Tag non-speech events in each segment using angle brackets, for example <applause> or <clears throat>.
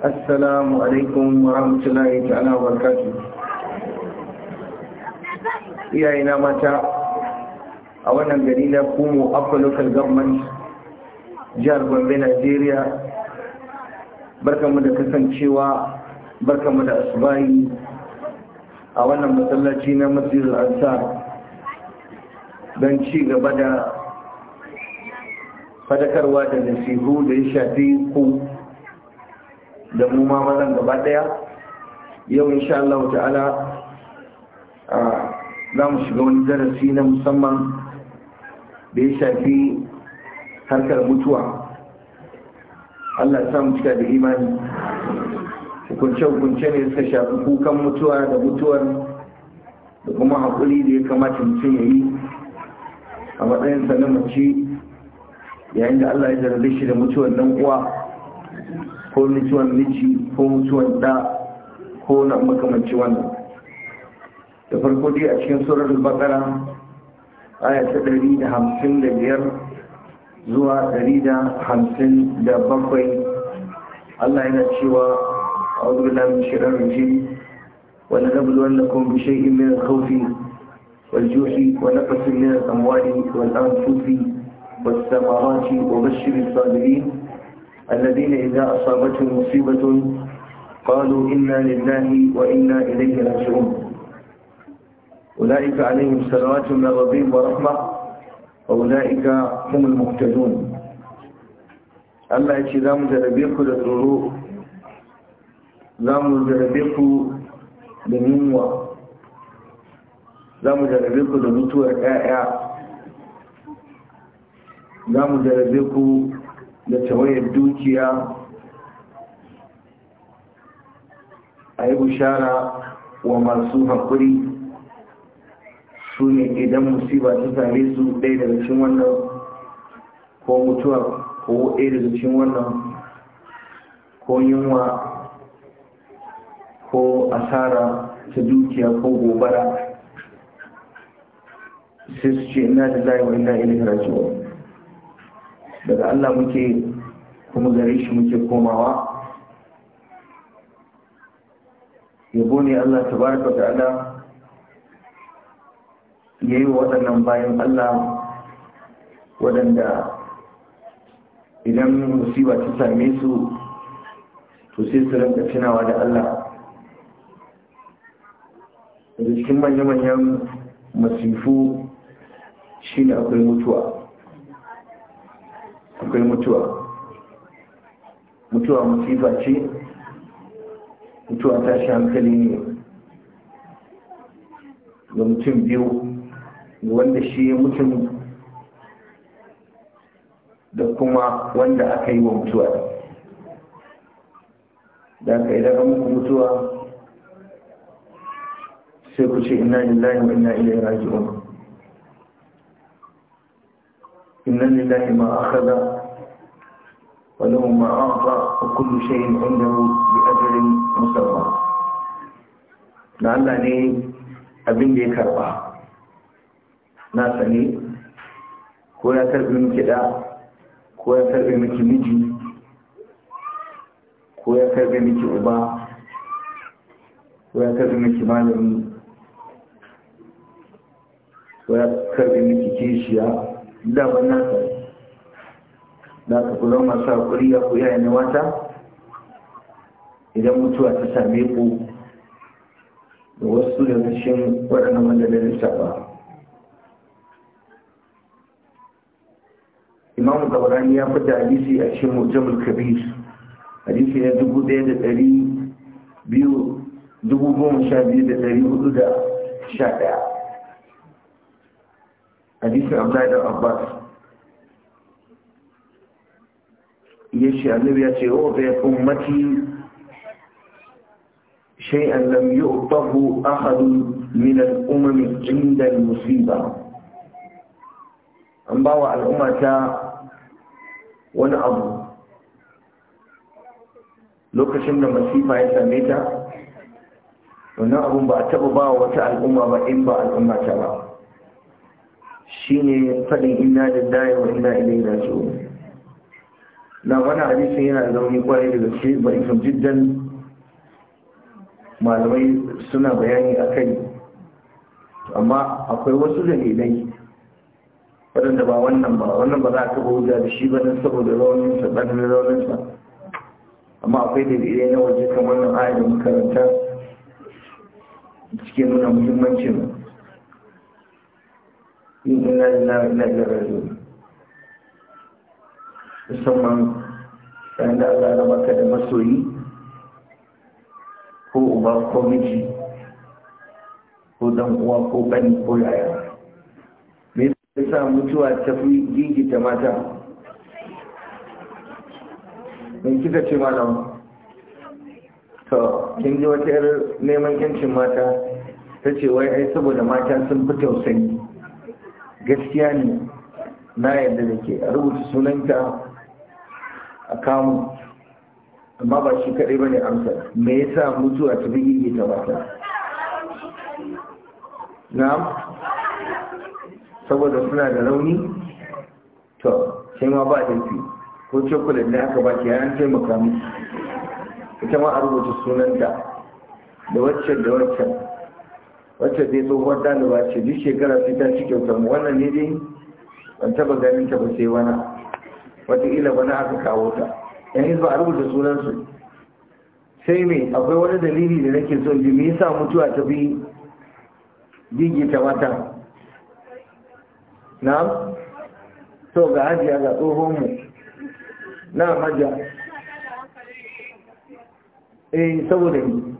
assalamu alaikum wa rahmatullahi ta'ala wa Iyaye iyayena mata a wannan gari na kumo akwai local government jihar gombe nigeria barkanmu da kasancewa barkanmu da asibayi a wannan matsalaci na matsalar ansar don ci gaba da fadakarwa da nasihu da ya shafi ku da mu ma mazan gaba daya yau insha Allah ta'ala za mu shiga wani darasi na musamman da ya shafi harkar mutuwa Allah ya samu cika da imani hukunce-hukunce ne suka shafi kukan mutuwa da mutuwar da kuma haƙuri da ya kamata mutum ya yi a matsayin na mace yayin da Allah ya zarge shi da mutuwar nan uwa ko mutuwan miji ko mutuwan da ko na makamanci wannan da farko dai a cikin surar bakara aya ta ɗari da hamsin da biyar zuwa ɗari da hamsin da bakwai allah yana cewa a wadda lamin shirar rikin wani gabuwan da kuma bishayi mai kaufi والجوع ونقص wasu الأموال والأنفس والثمرات bashirin sadirin الذين إذا أصابتهم مصيبة قالوا إنا لله وإنا إليه راجعون أولئك عليهم صلوات من ربهم ورحمة وأولئك هم المهتدون Allah ya ce za mu jarabe ku da tsoro za mu jarabe ku da yunwa za mu jarabe ku da mutuwar 'ya'ya za mu jarabe ku da tawayar dukiya a yi bishara wa masu haƙuri su ne idan musiba ta tare su ɗaya daga cin wannan ko mutuwa ko ɗaya daga cin wannan ko yunwa ko asara ta dukiya ko gobara sai su ce ina da zai wa ina ilin rajuwa daga Allah muke kuma gare shi muke komawa yabo ne Allah da ya yi wa waɗannan bayan Allah waɗanda idan musiba ta same su to sai su rinka tunawa da Allah Daga cikin manya-manyan masifu shi ne akwai mutuwa akwai mutuwa mutuwa musifa ce mutuwa ta shi hankali ne ga mutum biyu wanda shi mutum da kuma wanda aka yi wa mutuwa da aka yi daga muku mutuwa sai ku ce ina lillahi wa ina ilaihi raji'un inna lillahi ma akhadha ولهم ما أعطى وكل شيء عنده بأجل مسمى na Allah ne abinda ya karba na sani ko ya karbi miki da ko ya karbi miki miji ko ya karbi miki uba ko ya karbi miki malami ko ya karbi miki kishiya da wannan da ka kula masu haƙuri ya ku yayin wata idan mutuwa ta same ku da wasu da rashin waɗannan wanda da lissafa imamu gabarani ya fita hadisi a cikin mujamul kabir hadisi ya dubu ɗaya da ɗari biyu dubu goma sha biyu da ɗari hudu da sha ɗaya hadisin abdullahi abbas ya ce annabi ya ce wa oh, bai ummati shay'an lam yu'tahu ahadun min al-umam inda al-musiba an bawa al'ummata wani abu lokacin da masifa ya same ta wannan abun ba a taba ba wata al'umma ba in ba al'umma ta ba shine fadin da lillahi wa inna ilaihi raji'un na wani hadisin yana da zaune kwaye da gaske ba ikin jiddan malamai suna bayani a kai amma akwai wasu dalilai waɗanda ba wannan ba wannan ba za a taɓa wuja da shi ba don saboda rauninsa ɗanin rauninsa amma akwai dalilai na waje kamar wannan ayar da makaranta cikin nuna muhimmancin yin ina ina ina ina musamman ɗan da Allah na baka da masoyi ko uba ko miji ko dan uwa ko bani ko yaya me yasa mutuwa ta fi gigita mata in kika ce malam to kin ji wata yar neman yancin mata ta ce wai ai saboda mata sun fi tausayi gaskiya ne na yadda da ke a rubuta sunanta a kamu amma ba shi kaɗai ba ne amsar me yasa mutuwa ta bi yi ta mata na saboda suna da rauni to sai ma ba laifi ko cokulat da aka ba ke ya an taimaka miki ita ma a rubuta sunanta da waccan da waccan wacce zai tsohuwar ɗaliba ce duk shekara sai ta ci kyautar mu wannan ne dai ban taɓa ganin ta ba sai wani wataƙila na aka kawo ta yan hizba a rubuta sunansu sai me akwai wani dalili da nake son ji me sa mutuwa ta fi gigita mata Na? to ga hajiya ga tsohon mu Na hajiya eh saboda ni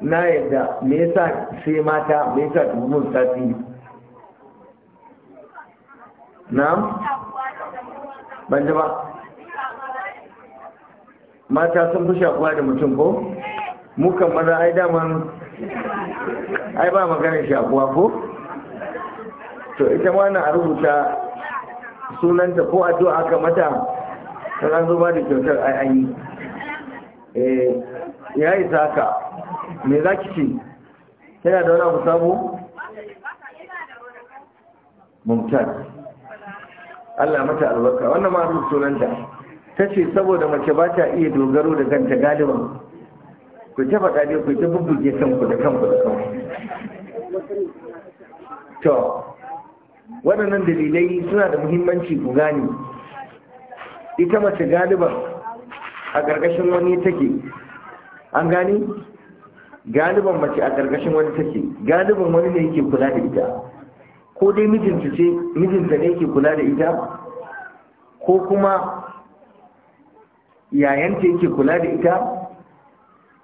na yadda me yasa sai mata me yasa ta mun tasiri na'am ban ba mata sun fi shakuwa da mutum ko mukan maza ai daman ai ba maganin shakuwa ko to ita ma na a rubuta sunanta ko addu'a aka mata ta zo ba da kyautar ai an yi eh ya yi zaka me za ki ce yana da wani abu sabo mumtaz Allah mata albarka wannan ma rubutu sunanta ta ce saboda mace ba ta iya dogaro da kanta galiban ku ta faɗa dai ku ta bubbuge kanku da kanku da kanku to waɗannan dalilai suna da muhimmanci ku gane ita mace galiban a ƙarƙashin wani take an gani galiban mace a ƙarƙashin wani take galiban wani ne yake kula da ita ko dai mijinta ce mijinta ne ke kula da ita ko kuma yayanta yake kula da ita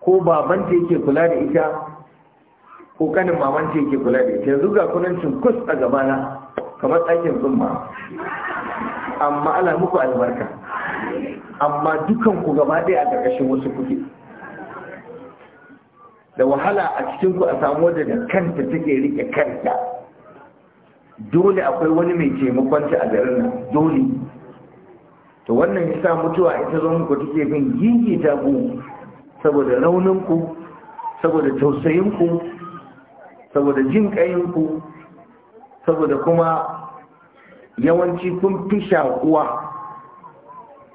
ko babanta yake kula da ita ko kanin mamanta yake kula da ita yanzu ga kunancin kus a gabana kamar tsakin tsumma amma ala muku albarka amma dukanku gaba ɗaya a ƙarƙashin wasu kuke da wahala a cikinku a samu wadda da kanta take rike kanta dole akwai wani mai taimakon ta a garin nan dole to wannan yasa mutuwa ita zo muku take bin ta ku saboda raunin ku saboda tausayin ku saboda jin kayin ku saboda kuma yawanci kun fi shakuwa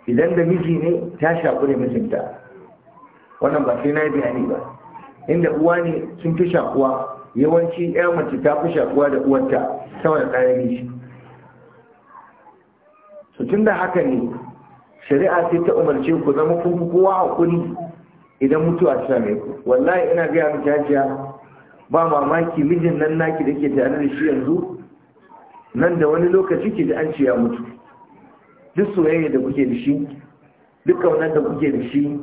idan da miji ne ta shaku ne mijinta wannan ba sai na yi bayani ba inda uwa ne sun fi shakuwa yawanci ya mace ta fi shakuwa da uwarta saboda ɗaya shi su tun da haka ne shari'a sai ta umarce ku zama kun fi kowa hakuri idan mutuwa ta same ku wallahi ina gaya mu jajiya ba mamaki mijin nan naki da ke tare da shi yanzu nan da wani lokaci ke da an ce ya mutu duk soyayya da kuke da shi duk kaunar da kuke da shi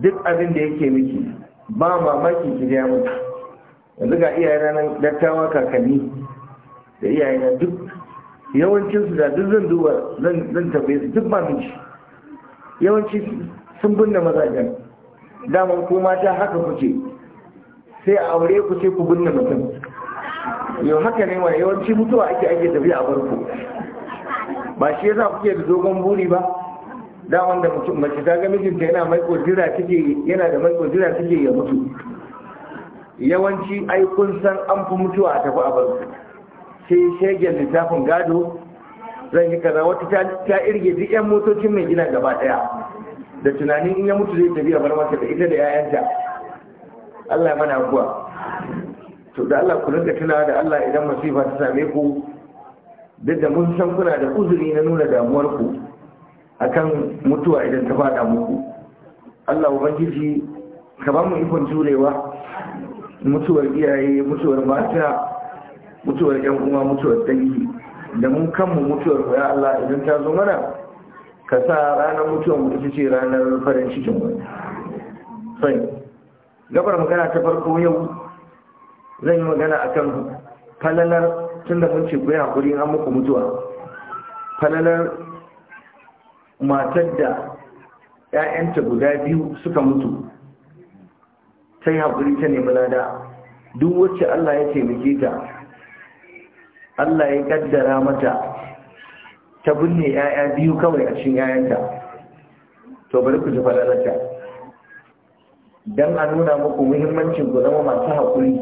duk abin da yake miki ba mamaki ki ya mutu yanzu ga iyayen nan dattawa kakanni da iyayen duk yawancinsu da duk zan duba zan tafi su duk ba yawanci sun binne mazajen daman ko mata haka kuke sai a aure ku sai ku binne mutum yau haka ne wa yawanci mutuwa ake ake tafiya a barko ba shi yasa kuke da dogon buri ba da wanda mutum mace ta ga mijinta yana maiko jira take yana da maiko jira take ya mutu yawanci ai kun san an fi mutuwa a tafi a barko sai shegen littafin gado zan yi kaza wata ta irge duk yan motocin mai gina gaba daya da tunanin in ya mutu zai tafi a bar masa da ita da yayanta Allah mana kuwa to da Allah ku rinka tunawa da Allah idan masifa ta same ku duk da mun san kuna da uzuri na nuna damuwar ku akan mutuwa idan ta fada muku Allah ubangiji ka ba mu ikon jurewa mutuwar iyaye mutuwar mata mutuwar yan uwa mutuwar dangi da mun kanmu mutuwar ku ya Allah idan ta zo mana ka sa ranar mutuwar mu ita ce ranar farin cikin mu sai gabar magana ta farko yau zan yi magana akan falalar tunda mun ce ku yi hakuri an muku mutuwa falalar matar da 'ya'yanta guda biyu suka mutu ta yi haƙuri ta nemi lada duk wacce Allah ya taimake ta Allah ya kaddara mata ta binne 'ya'ya biyu kawai a cikin 'ya'yanta to bari ku ji falalata dan a nuna muku muhimmancin ku zama masu haƙuri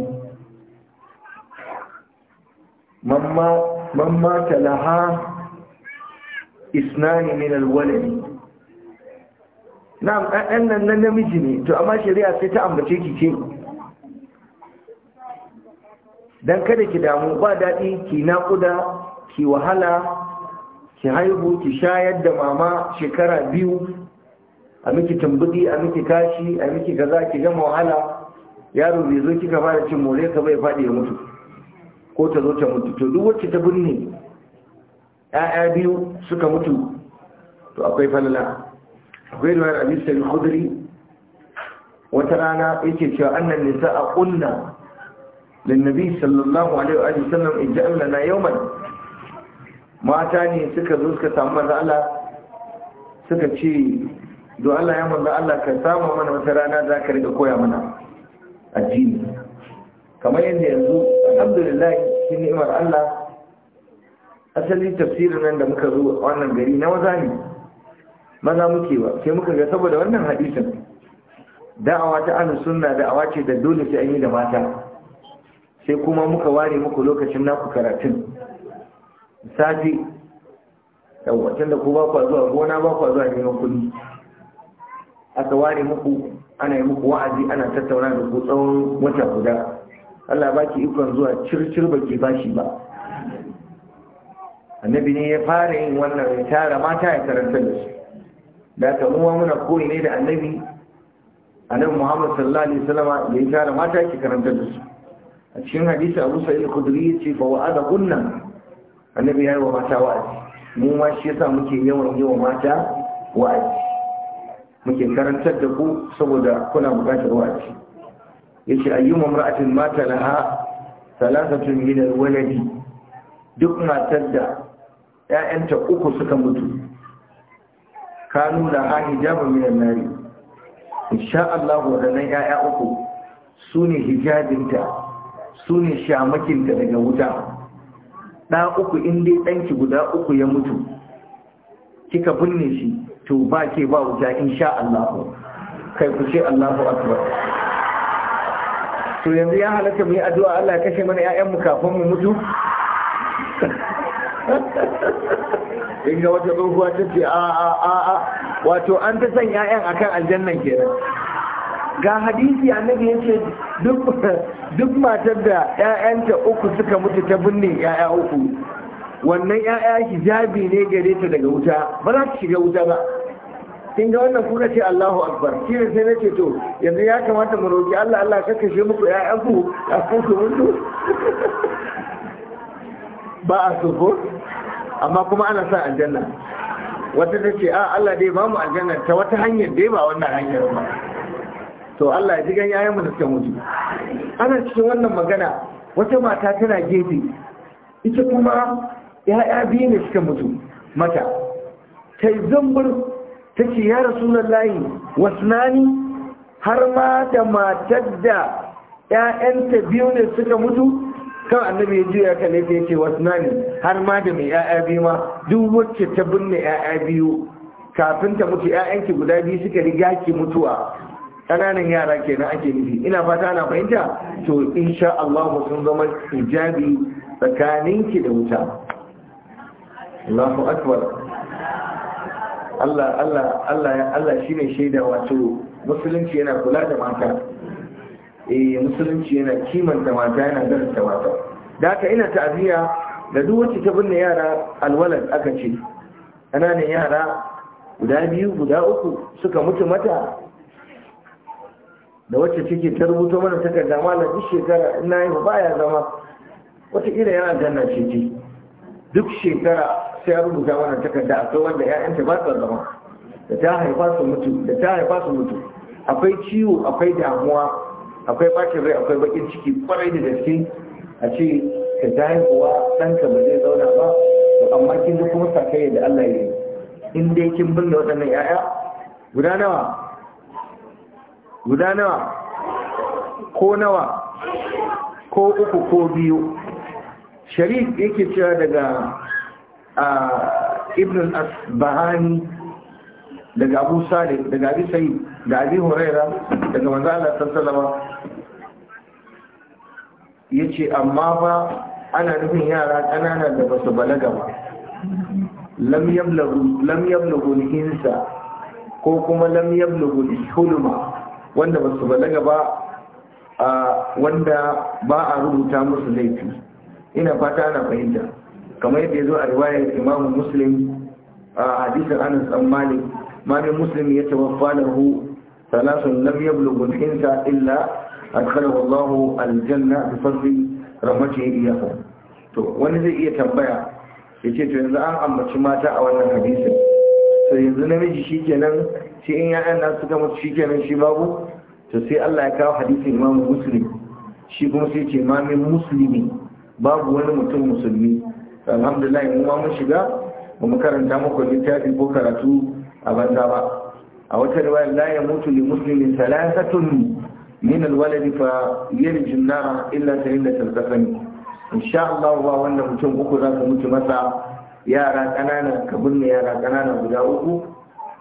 mamma ta laha isnani min alwalani na'am ɗan nan namiji ne to amma shari'a sai ta ambace ki ce dan kada ki damu ba daɗi ki naƙuda ki wahala ki haihu ki shayar da mama shekara biyu a miki tambudi a miki kashi a miki kaza ki gama wahala yaro bai zo kika fara cin more ka bai faɗi ya mutu ko ta zo ta mutu to duk wacce ta binne ƴaƴa biyu suka mutu to akwai falala akwai ruwan abin sa'id khudri wata rana yake cewa annan nisa a kunna للنبي صلى الله عليه وآله وسلم اجعل لنا يوما mata ne suka zo suka samu manzo Allah suka ce do Allah ya manzo Allah ka samu mana wata rana za ka riga koya mana addini kamar yadda yanzu alhamdulillah cikin ni'imar Allah asali tafsirin nan da muka zo wannan gari na maza ne maza muke sai muka ga saboda wannan hadisin da'awa ta ahlus sunna da'awa ce da dole sai an yi da mata sai kuma muka ware muku lokacin naku karatun safi yawacin da ku ba kwa zuwa gona ba kwa zuwa neman kuɗi aka ware muku ana yi muku wa'azi ana tattauna da ku tsawon wata guda Allah ba ki ikon zuwa circir ba ke bashi ba annabi ne ya fara yin wannan ya tara mata ya karanta da su da ta muwa muna koyi ne da annabi annabi Muhammad sallallahu alaihi wasallama ya tara mata ki karanta da su a cikin hadisi abu sa'id al-khudri yace fa wa'ada kunna annabi yayi wa mata wa'azi mu ma shi yasa muke yawan yi wa mata wa'azi muke karantar da ku saboda kuna bukatar wa'azi yace ayyuma imra'atin mata laha thalathatun min al-waladi duk matar da ƴaƴanta uku suka mutu kanu da ha hijabun min an-nari insha Allah wadannan ƴaƴa uku sune hijabinta su ne shamakinta daga wuta ɗa uku in dai ɗanki guda uku ya mutu kika binne shi to ba ke ba wuta in sha Allahu kai ku ce Allahu akbar to yanzu ya halatta mu yi addu'a Allah ya kashe mana ƴaƴan mu kafin mu mutu <laughs> in ga wata tsohuwa ta ce a a a wato an ta san ƴaƴan akan aljannan kenan ga hadisi annabi ya ce duk matar da 'ya'yanta uku suka mutu ta binne 'ya'ya uku wannan 'ya'ya hijabi ne gare ta daga wuta ba za ta shiga wuta ba kin ga wannan kuka ce Allahu Akbar shi ne sai nace to yanzu ya kamata mu roki Allah Allah ka kashe muku 'ya'ya ku a kuku mutu ba a so ko amma kuma ana sa aljanna wata ta ce a Allah dai ba mu aljanna ta wata hanyar dai ba wannan hanyar ba to Allah ya ji gan yayan mu da suka mutu ana cikin wannan magana wata mata tana gefe ita kuma ya'ya biyu ne suka mutu mata ta yi zambur ta ce ya wasnani har ma da matar da ‘ya'yanta biyu ne suka mutu kan annabi ya juya ka ne ya ce wasnani har ma da mai ‘ya'ya biyu ma duk wacce ta binne ‘ya'ya biyu kafin ta mutu ‘ya'yanki guda biyu suka riga ki mutuwa kananan yara kenan ake nufi ina fata ana fahimta to insha Allah sun zama hijabi tsakaninki da wuta Allahu akbar Allah Allah Allah Allah shine shaida wato musulunci yana kula da mata eh musulunci yana kimanta mata yana darasta mata da haka ina ta'aziya? Da duk wacce ta binne yara alwalad aka ce kananan yara guda biyu guda uku suka mutu mata da wacce take ta rubuta mana takarda malam duk shekara ina yi ba ya zama ira yana janna ce duk shekara sai ya rubuta mana takarda akwai wanda ‘ya'yanta ba su zama da ta haifa su mutu da ta haifa su mutu akwai ciwo akwai damuwa akwai bacin rai akwai bakin ciki kwarai da gaske a ce ka ta haihuwa ɗanka ba zai zauna ba to amma kin ji kuma sakayya da Allah ya yi in dai kin binne waɗannan ‘ya'ya guda nawa guda nawa ko nawa ko uku ko biyu sharif yake cewa daga ibn al bahani daga abu daga abi sayyid da abi huraira daga manzo Allah sallallahu yace amma ba ana nufin yara kanana da basu balaga ba lam yablagu lam ko kuma lam yablagu wanda ba su balaga ba wanda ba a rubuta musu laifi ina fata ana fahimta kamar yadda ya zo a riwayar imamu muslim a hadisar anas dan malik malin muslim ya tawaffa lahu salasun lam ya al-insa illa adkhalahu wallahu aljanna da bi fadli rahmatihi iyahu to wani zai iya tambaya ya ce to yanzu an ambaci mata a wannan hadisin to yanzu namiji shi kenan shi in ya'yan nasu suka shi kenan shi babu to sai Allah ya kawo hadisin Imam Muslim shi kuma sai ce ma min muslimi babu wani mutum musulmi alhamdulillah mu ma mun shiga ba mu karanta muku littafi ko karatu a banza ba a wata riwaya la ya mutu li muslimin thalathatun min alwalad fa yarju an-nar illa sayyidat al insha Allah ba wanda mutum uku za su mutu masa yara kanana ka binne yara kanana guda uku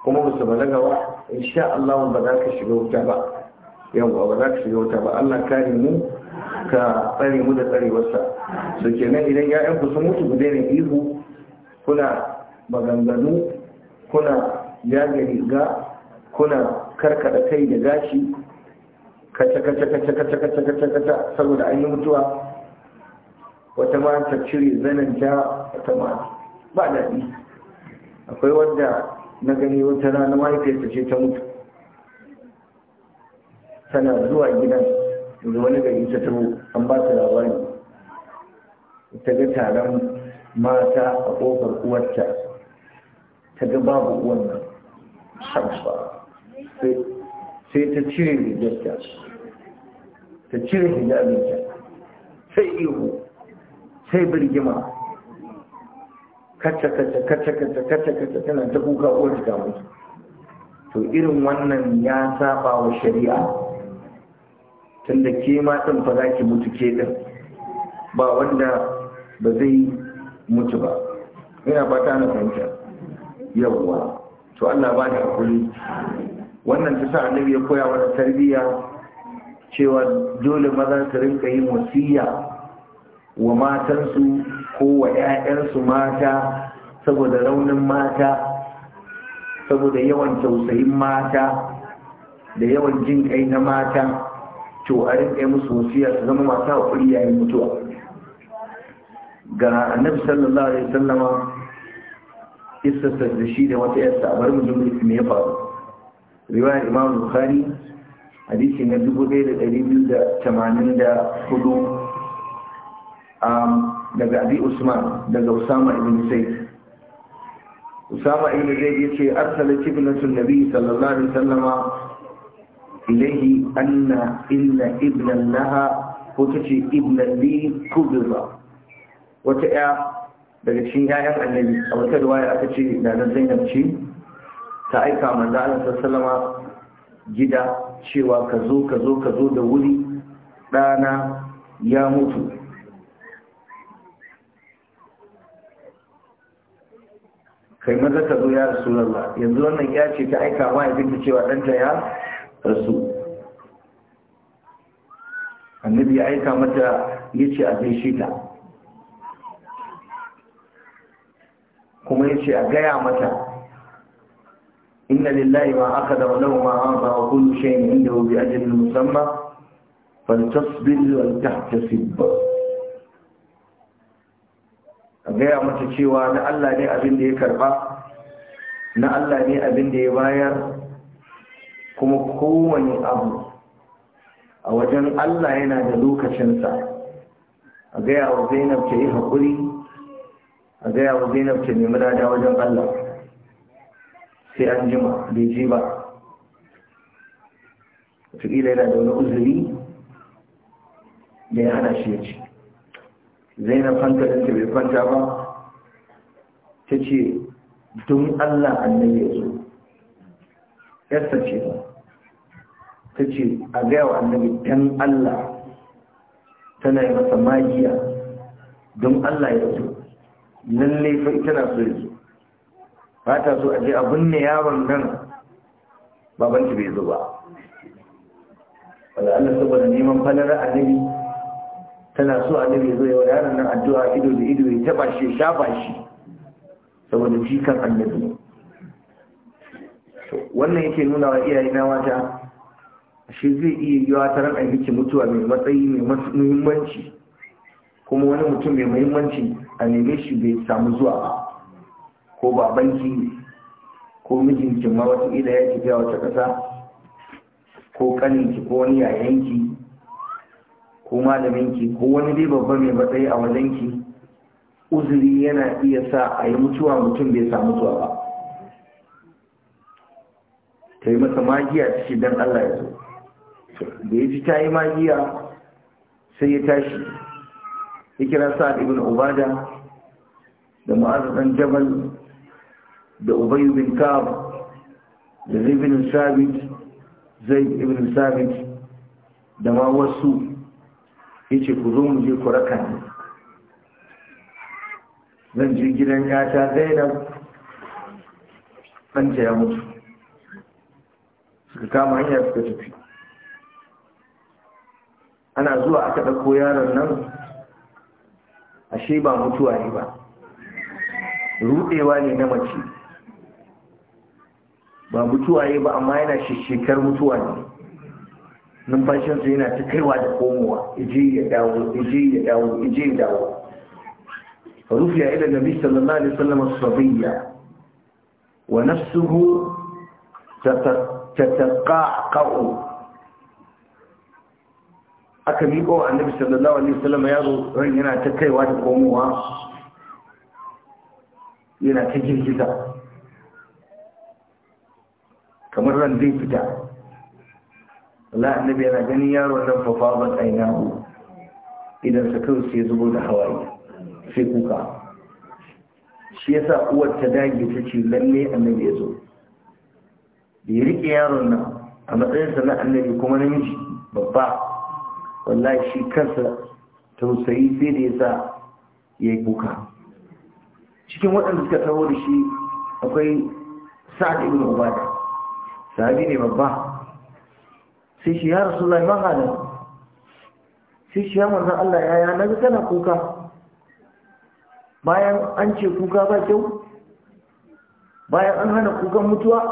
kuma musu su balaga ba insha Allah ba za ka shiga wuta ba yau ba za ka shiga wata ba Allah kare mu ka tsare mu da tsarewarsa so kenan idan ku sun mutu ku daina ihu kuna maganganu kuna yaga riga kuna karkada kai da gashi kaca kaca kaca kaca kaca kaca kaca saboda an yi mutuwa wata ma ta cire zananta wata ma ba daɗi akwai wanda na gani wata rana mahaifiyarta ce ta mutu tana zuwa gidan da wani gari ta taho an ba ta labari ta ga taron mata a ƙofar uwarta ta ga babu wannan. nan shamsa sai ta cire rigarta ta cire hijabinta sai ihu sai birgima kacce kacce kacce tana ta kuka uwarta ta mutu to irin wannan ya saba wa shari'a tunda ke ma ɗin fa za ki mutu ke ɗin ba wanda ba zai mutu ba ina fata na fahimta yawwa to Allah ba da hakuri wannan ta sa annabi ya koya mana tarbiyya cewa dole maza su rinka yin wasiya wa matansu ko wa 'ya'yansu mata saboda raunin mata saboda yawan tausayin mata da yawan jin kai na mata to a rinka musu wasiya su zama masu haƙuri yayin mutuwa ga annabi sallallahu alaihi sallama istasar da shi da wata yarsa a bar mu jin ne ya faru riwayar imam bukhari hadisi na hudu um, daga abi usman daga usama ibn zaid usama ibn zaid yace arsala ibnatu nabi sallallahu alaihi wasallama إليه ko ta ce لها وتجي li لي wata ya daga cikin yayan annabi a wata ruwaya aka ce da na zainab ce ta aika manzo Allah gida cewa ka zo ka zo ka zo da wuri ɗana ya mutu kai maza ka zo ya rasulullah yanzu wannan ya ce ta aika ma ya cewa ɗanta ya rasu annabi ya aika mata ya ce a gaishe ta kuma ya ce a gaya mata inna lillahi ma aka da walau ma an ba wa kullu shayin inda wa bi ajalin musamman ta wal tahtasib a gaya mata cewa na Allah ne abin da ya karba na Allah ne abin da ya bayar kuma kowane abu a wajen Allah yana da lokacinsa a gaya wa zainab ta yi haƙuri a gaya wa zainab ta nemi rada wajen Allah sai an jima bai ji ba wataƙila yana da wani uzuri da ya hana shi ya ci zainab hankalinta bai kwanta ba ta ce don Allah annabi ya zo yarsa ce ba ta ce a gaya wa annabi dan Allah tana yi masa magiya don Allah ya zo lalle fa ita na so ya zo ba ta so a je abin ne yaron nan baban bai zo ba wanda Allah saboda neman falar annabi tana so annabi zo yawa yaron nan addu'a ido da ido ya taba shi shafa shi saboda jikan annabi wannan yake nuna wa iyaye na mata shi zai iya yiwa ta ran miki mutuwa mai matsayi mai muhimmanci kuma wani mutum mai muhimmanci a neme shi bai samu zuwa ba ko babanki ko mijinki ma ila ya tafiya wata ƙasa ko kaninki ko wani yayanki ko malaminki ko wani dai babba mai matsayi a wajenki uzuri yana iya sa a yi mutuwa mutum bai samu zuwa ba ta yi masa magiya shi don allah ya zo da ya ji ta yi magiya sai ya tashi ya kira sa ibn ubada da ma'azin jabal da ubayu bin kab da ibn sabit zai ibn sabit da ma wasu ya ce ku zo mu je ku raka ne zan je gidan yata zainab ɗanta ya mutu suka kama hanyar suka tafi ana zuwa aka ɗauko yaron nan ashe ba mutuwa ne ba rudewa ne na mace ba mutuwa ne ba amma yana shekar mutuwa ne numfashinsu yana ta kaiwa da komowa ije ya dawo ije ya dawo ije ya dawo rufiya ila nabi sallallahu alaihi wasallam sabiyya wa nafsuhu tatqaqa aka miƙo wa annabi sallallahu alaihi wasallam yaro ran yana ta kaiwa da komowa yana ta girgiza kamar ran zai fita Allah annabi yana ganin yaro nan fa fadan ainahu idan sa kawai sai zubo da hawaye sai kuka shi yasa uwar ta dage ta ce lalle annabi ya zo da ya riƙe yaron nan a matsayinsa na annabi kuma namiji babba wallahi shi kansa tausayi sai da ya sa ya yi kuka cikin waɗanda suka taho da shi akwai sa'ad ibn ubada sahabi ne babba sai shi ya rasu lai mahala sai shi ya manzan Allah ya ya naga kana kuka bayan an ce kuka ba kyau bayan an hana kukan mutuwa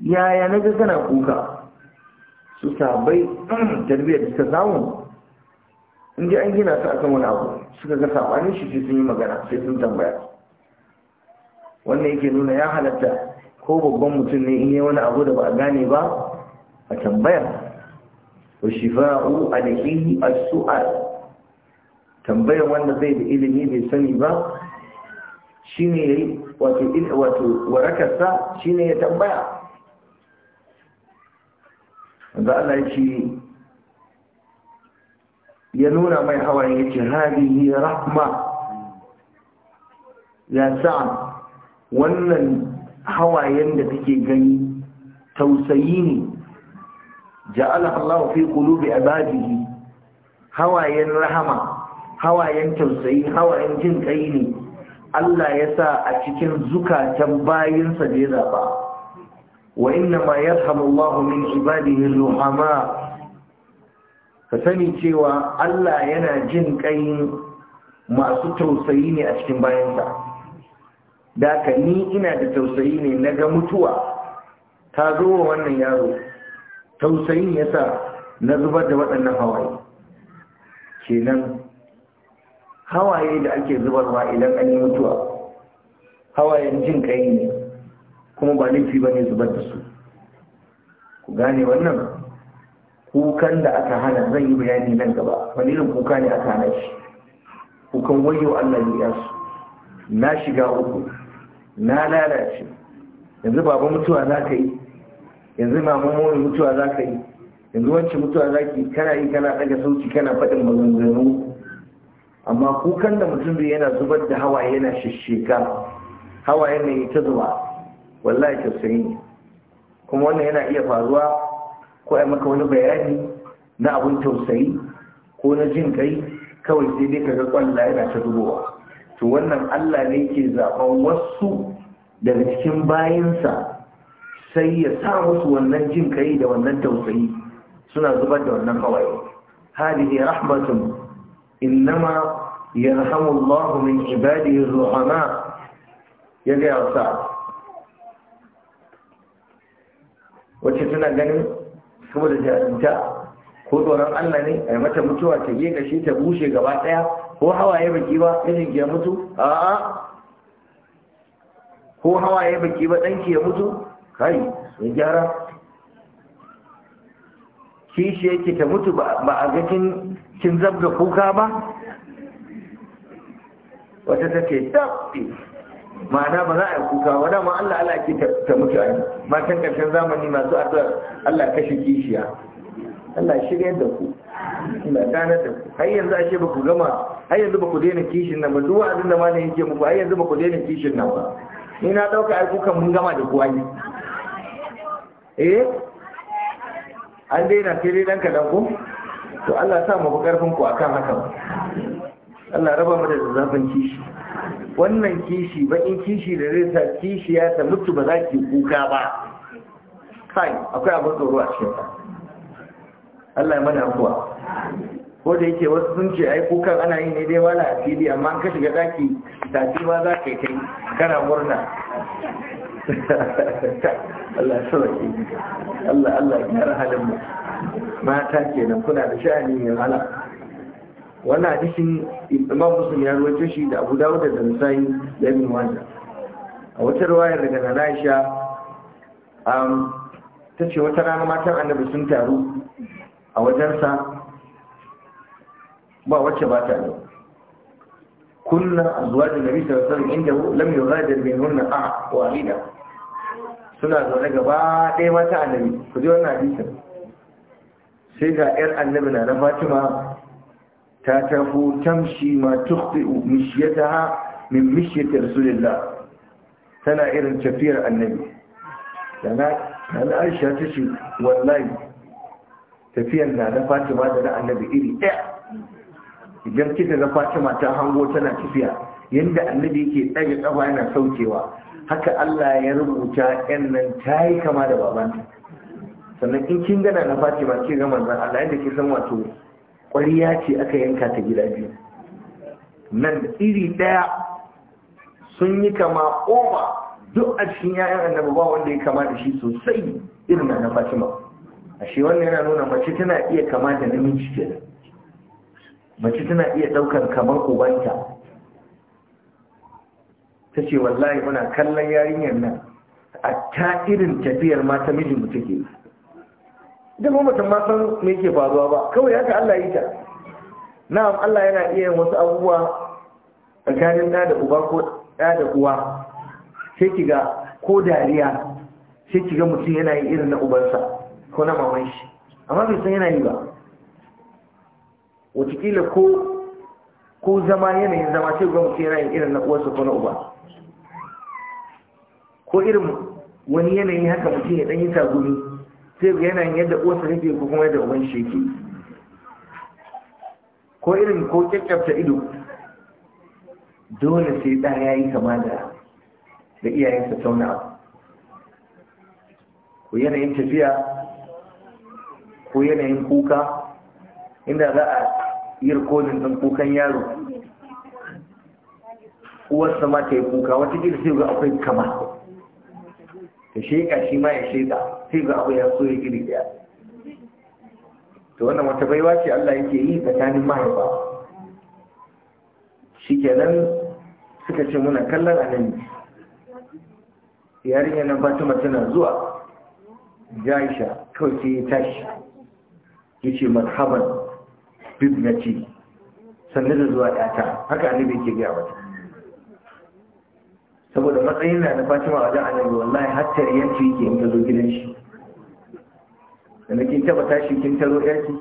yaya na kana kuka su sahabbai <clears throat> tarbiyyar da suka samu in ji an gina su akan wani abu suka ga sabanin shi sai sun yi magana sai sun tambaya wannan yake nuna ya halatta ko babban mutum ne in yi wani abu da ba a gane ba a tambaya wa shifa'u alaihi as-su'al tambayar wanda zai da ilimi bai sani ba shine yayi wato wato warakarsa shine ya tambaya wanda Allah ya ya nuna mai hawaye ya ce hadihi rahma ya sa wannan hawayen da take gani tausayi ne ja'ala Allah fi qulubi ibadihi hawayen rahama hawayen tausayi hawayen jin kai ne Allah ya sa a cikin zukatan bayinsa da ya zaba وإنما يرحم الله من عباده الرحماء فسني cewa Allah yana jin kai masu tausayi ne a cikin bayansa da ni ina da tausayi ne na ga mutuwa ta zo wa wannan yaro tausayin yasa na zubar da waɗannan hawaye kenan hawaye da ake zubarwa idan an yi mutuwa hawayen jin ƙai ne kuma ba laifi ba ne zubar da su ku gane wannan kukan da aka hana zan yi bayani nan gaba wani irin kuka ne aka hana shi kukan wayo allah ya su na shiga uku na lalace yanzu baban mutuwa za ka yi yanzu maman mori mutuwa za ka yi yanzu wancan mutuwa za ki kana yi kana daga sauki kana faɗin maganganu amma kukan da mutum zai yana zubar da hawaye yana shishiga hawaye ne ta zuba wallahi tausayi ne kuma wannan yana iya faruwa ko ai maka wani bayani na abun tausayi ko na jin kai kawai sai dai ga kwalla yana ta dubowa to wannan Allah ne ke zaben wasu daga cikin bayansa sai ya sa musu wannan jin kai da wannan tausayi suna zubar da wannan kawai hadihi rahmatun innama yarhamu Allah min ibadihi ar-rahama ya ga wacce tana ganin saboda jarumta ko tsoron Allah ne a mata mutuwa ta je gashi ta bushe gaba ɗaya ko hawaye baki ba irin ya mutu a'a ko hawaye baki ba danki ya mutu kai ya gyara kishi yake ta mutu ba a ga kin kin zabga kuka ba wata take tafi ma'ana ba za a yi kuka ba dama Allah Allah ke ta mutu a matan karshen zamani masu addu'ar Allah kashe kishiya Allah shirya da ku ina tana da ku har yanzu ashe ba ku gama har yanzu ba ku daina kishin nan ba duk wa'azin da malamin yake muku har yanzu ba ku daina kishin nan ba ni na dauka ai kuka mun gama da kuwa ne eh an daina sai dai dan ku to Allah ya sa mu karfin ku akan hakan Allah raba mu da zazzafin kishi wannan kishi bakin kishi da zai sa kishi ya ta mutu ba za ki kuka ba kai akwai abin tsoro a cikin Allah ya mana kuwa ko da yake wasu sun ce ai kukan ana yi ne dai wala a fili amma an ka shiga daki tafi ma za ka yi kai kana murna <laughs> Allah ya sauke Allah Allah ya kare halin mu mata kenan kuna da sha'ani ne hala wannan hadisin imam muslim ya ruwaito shi da abu dawud da nasai da ibn wanda a wata riwayar daga nanaisha um ta ce wata rana matan annabi sun taru a wajensa ba wacce ba ta yau kunna da nabi sallallahu alaihi wasallam inda lam yughadir nuna a wahida suna zaune gaba ɗaya mata annabi ku ji wannan hadisin sai ga 'yar annabi na na fatima Ta tafi tamshi matuƙa, mu shi ya taɗa, mu mishi Tana irin tafiyar annabi. Da na aisha ta shiga wallahi. Tafiyar na da Fatima da na annabi iri. Idan cikin na Fatima ta hango tana tafiya, yadda annabi ke ɗaya da yana saukewa. Haka Allah ya rubuta 'yan nan ta yi kama da babanta. Sannan in kin gana na Fatima ke gama za, al'adun da ke son wato. ƙwariya ce aka yanka ta gida biyu nan iri ɗaya sun yi kama ƙoma duk a cikin ya'yan annabi ba wanda ya kama da shi sosai irin na fatima a shi wannan yana nuna mace tana iya kama da namiji kenan mace tana iya ɗaukar kamar ubanta ta ce wallahi muna kallon yarinyar nan a ta irin tafiyar mata mu take yi duk mutum ma san me yake faruwa ba kawai haka Allah yi ta na'am Allah yana iya yin wasu abubuwa tsakanin ɗa da uba ko ɗa da uwa sai kiga ko dariya sai kiga mutum yana yi irin na ubansa ko na maman shi amma bai san yana yi ba wataƙila ko ko zama yanayin zama sai ga mutum yana yin irin na uwarsa ko na uba ko irin wani yanayi haka mutum ya ɗan yi sagumi sai ga yanayin yadda uwarsa take ko kuma yadda uban shi ko irin ko kyakkyafta ido dole sai ɗa ya yi kama da da iyayensa tauna abu ko yanayin tafiya ko yanayin kuka inda za a yi rikodin ɗin kukan yaro uwarsa ma ta yi kuka wata sai ga akwai kama ta sheƙa shi ma ya sheƙa sai ga abu ya so ya iri daya to wannan wata baiwa ce Allah yake yi tsakanin mahaifa shikenan suka ce muna kallon anan. yarinya na Fatima tana zuwa Jaisha kawai sai ya tashi ce marhaban bibnati sannan da zuwa yata haka annabi yake gaya mata saboda matsayin na da Fatima wajen annabi wallahi har tariyar yake in ta zo gidan shi da kin taba tashi kin taro yarki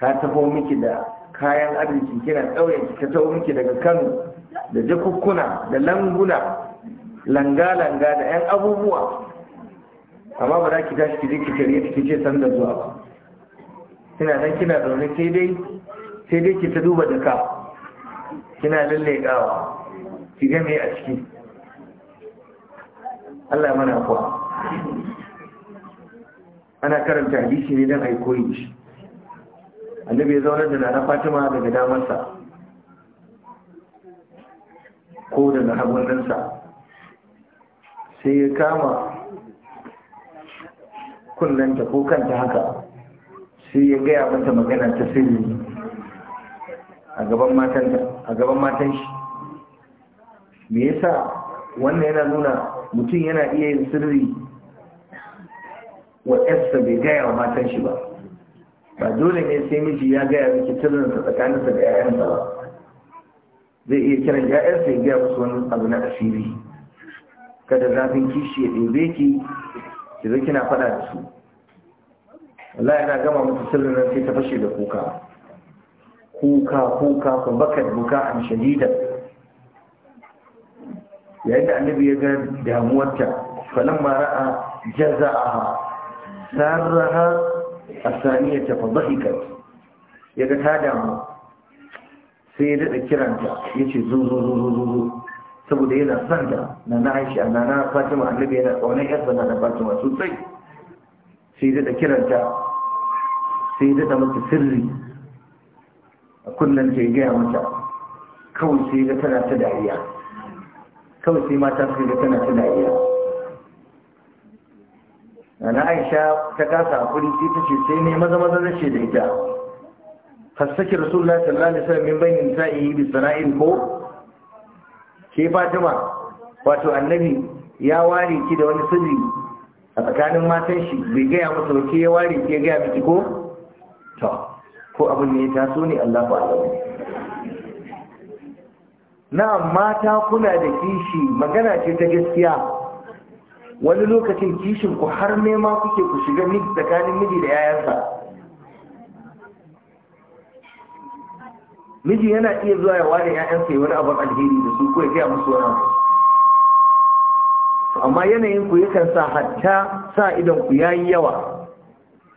Ka taho miki da kayan arziki kina ki ta taho miki daga kan da jakukkuna da languna langa-langa da 'yan abubuwa amma ba za ki tashi ki je ki tare ki ce san da zuwa ba kina nan kina zaune sai dai sai dai ki ta duba jaka kina lallekawa ki ga me a ciki Allah mana kuwa ana karanta hadisi ne don ai koyi shi annabi ya zaunar da nana fatima daga damarsa ko daga hagunansa sai ya kama kullanta ko kanta haka sai ya gaya mata magana ta sirri a gaban matan shi me yasa wannan yana nuna mutum yana iya yin sirri wa ƴarsa bai gaya wa matan shi ba ba dole ne sai miji ya gaya miki sirrinsa tsakaninsa da 'ya'yansa ba zai iya kiran sa ya gaya musu wani abu na asiri kada zafin kishi ya ɗebe ki ki zo kina faɗa da su wallahi yana gama musu sirrin nan sai ta fashe da kuka kuka kuka ku da buka an shadida yayin da annabi ya ga damuwarta falamma ra'a jaza'aha sarraha asaniyata fa dhahikat yaga ta damu sai ya dada kiranta yace zo zo zo zo zo saboda yana son da na na Aisha na na Fatima annabi yana kaunar yarsa na Fatima sosai sai ya dada kiranta sai ya dada mata sirri a kullum ta gaya mata kawai sai ga tana ta dariya kawai sai mata sai ga tana ta dariya na aisha ta kasa hakuri sai ta ce sai ne maza maza da ce da ita fasake rasulullah sallallahu alaihi wasallam min bayin nisa'i bi sana'in ko ke fatima wato annabi ya ware ki da wani sirri a tsakanin matan shi bai gaya musu ba ke ya ware ki ya gaya miki ko to ko abin ne ya taso ne Allah ba na'am mata kuna da kishi magana ce ta gaskiya wani lokacin kishin ku har nema kuke ku shiga tsakanin miji da yayansa miji yana iya zuwa ya ware yayansa yi wani abin alheri da su ko ya gaya musu wani amma yanayin ku yakan sa hatta sa idan ku yayi yawa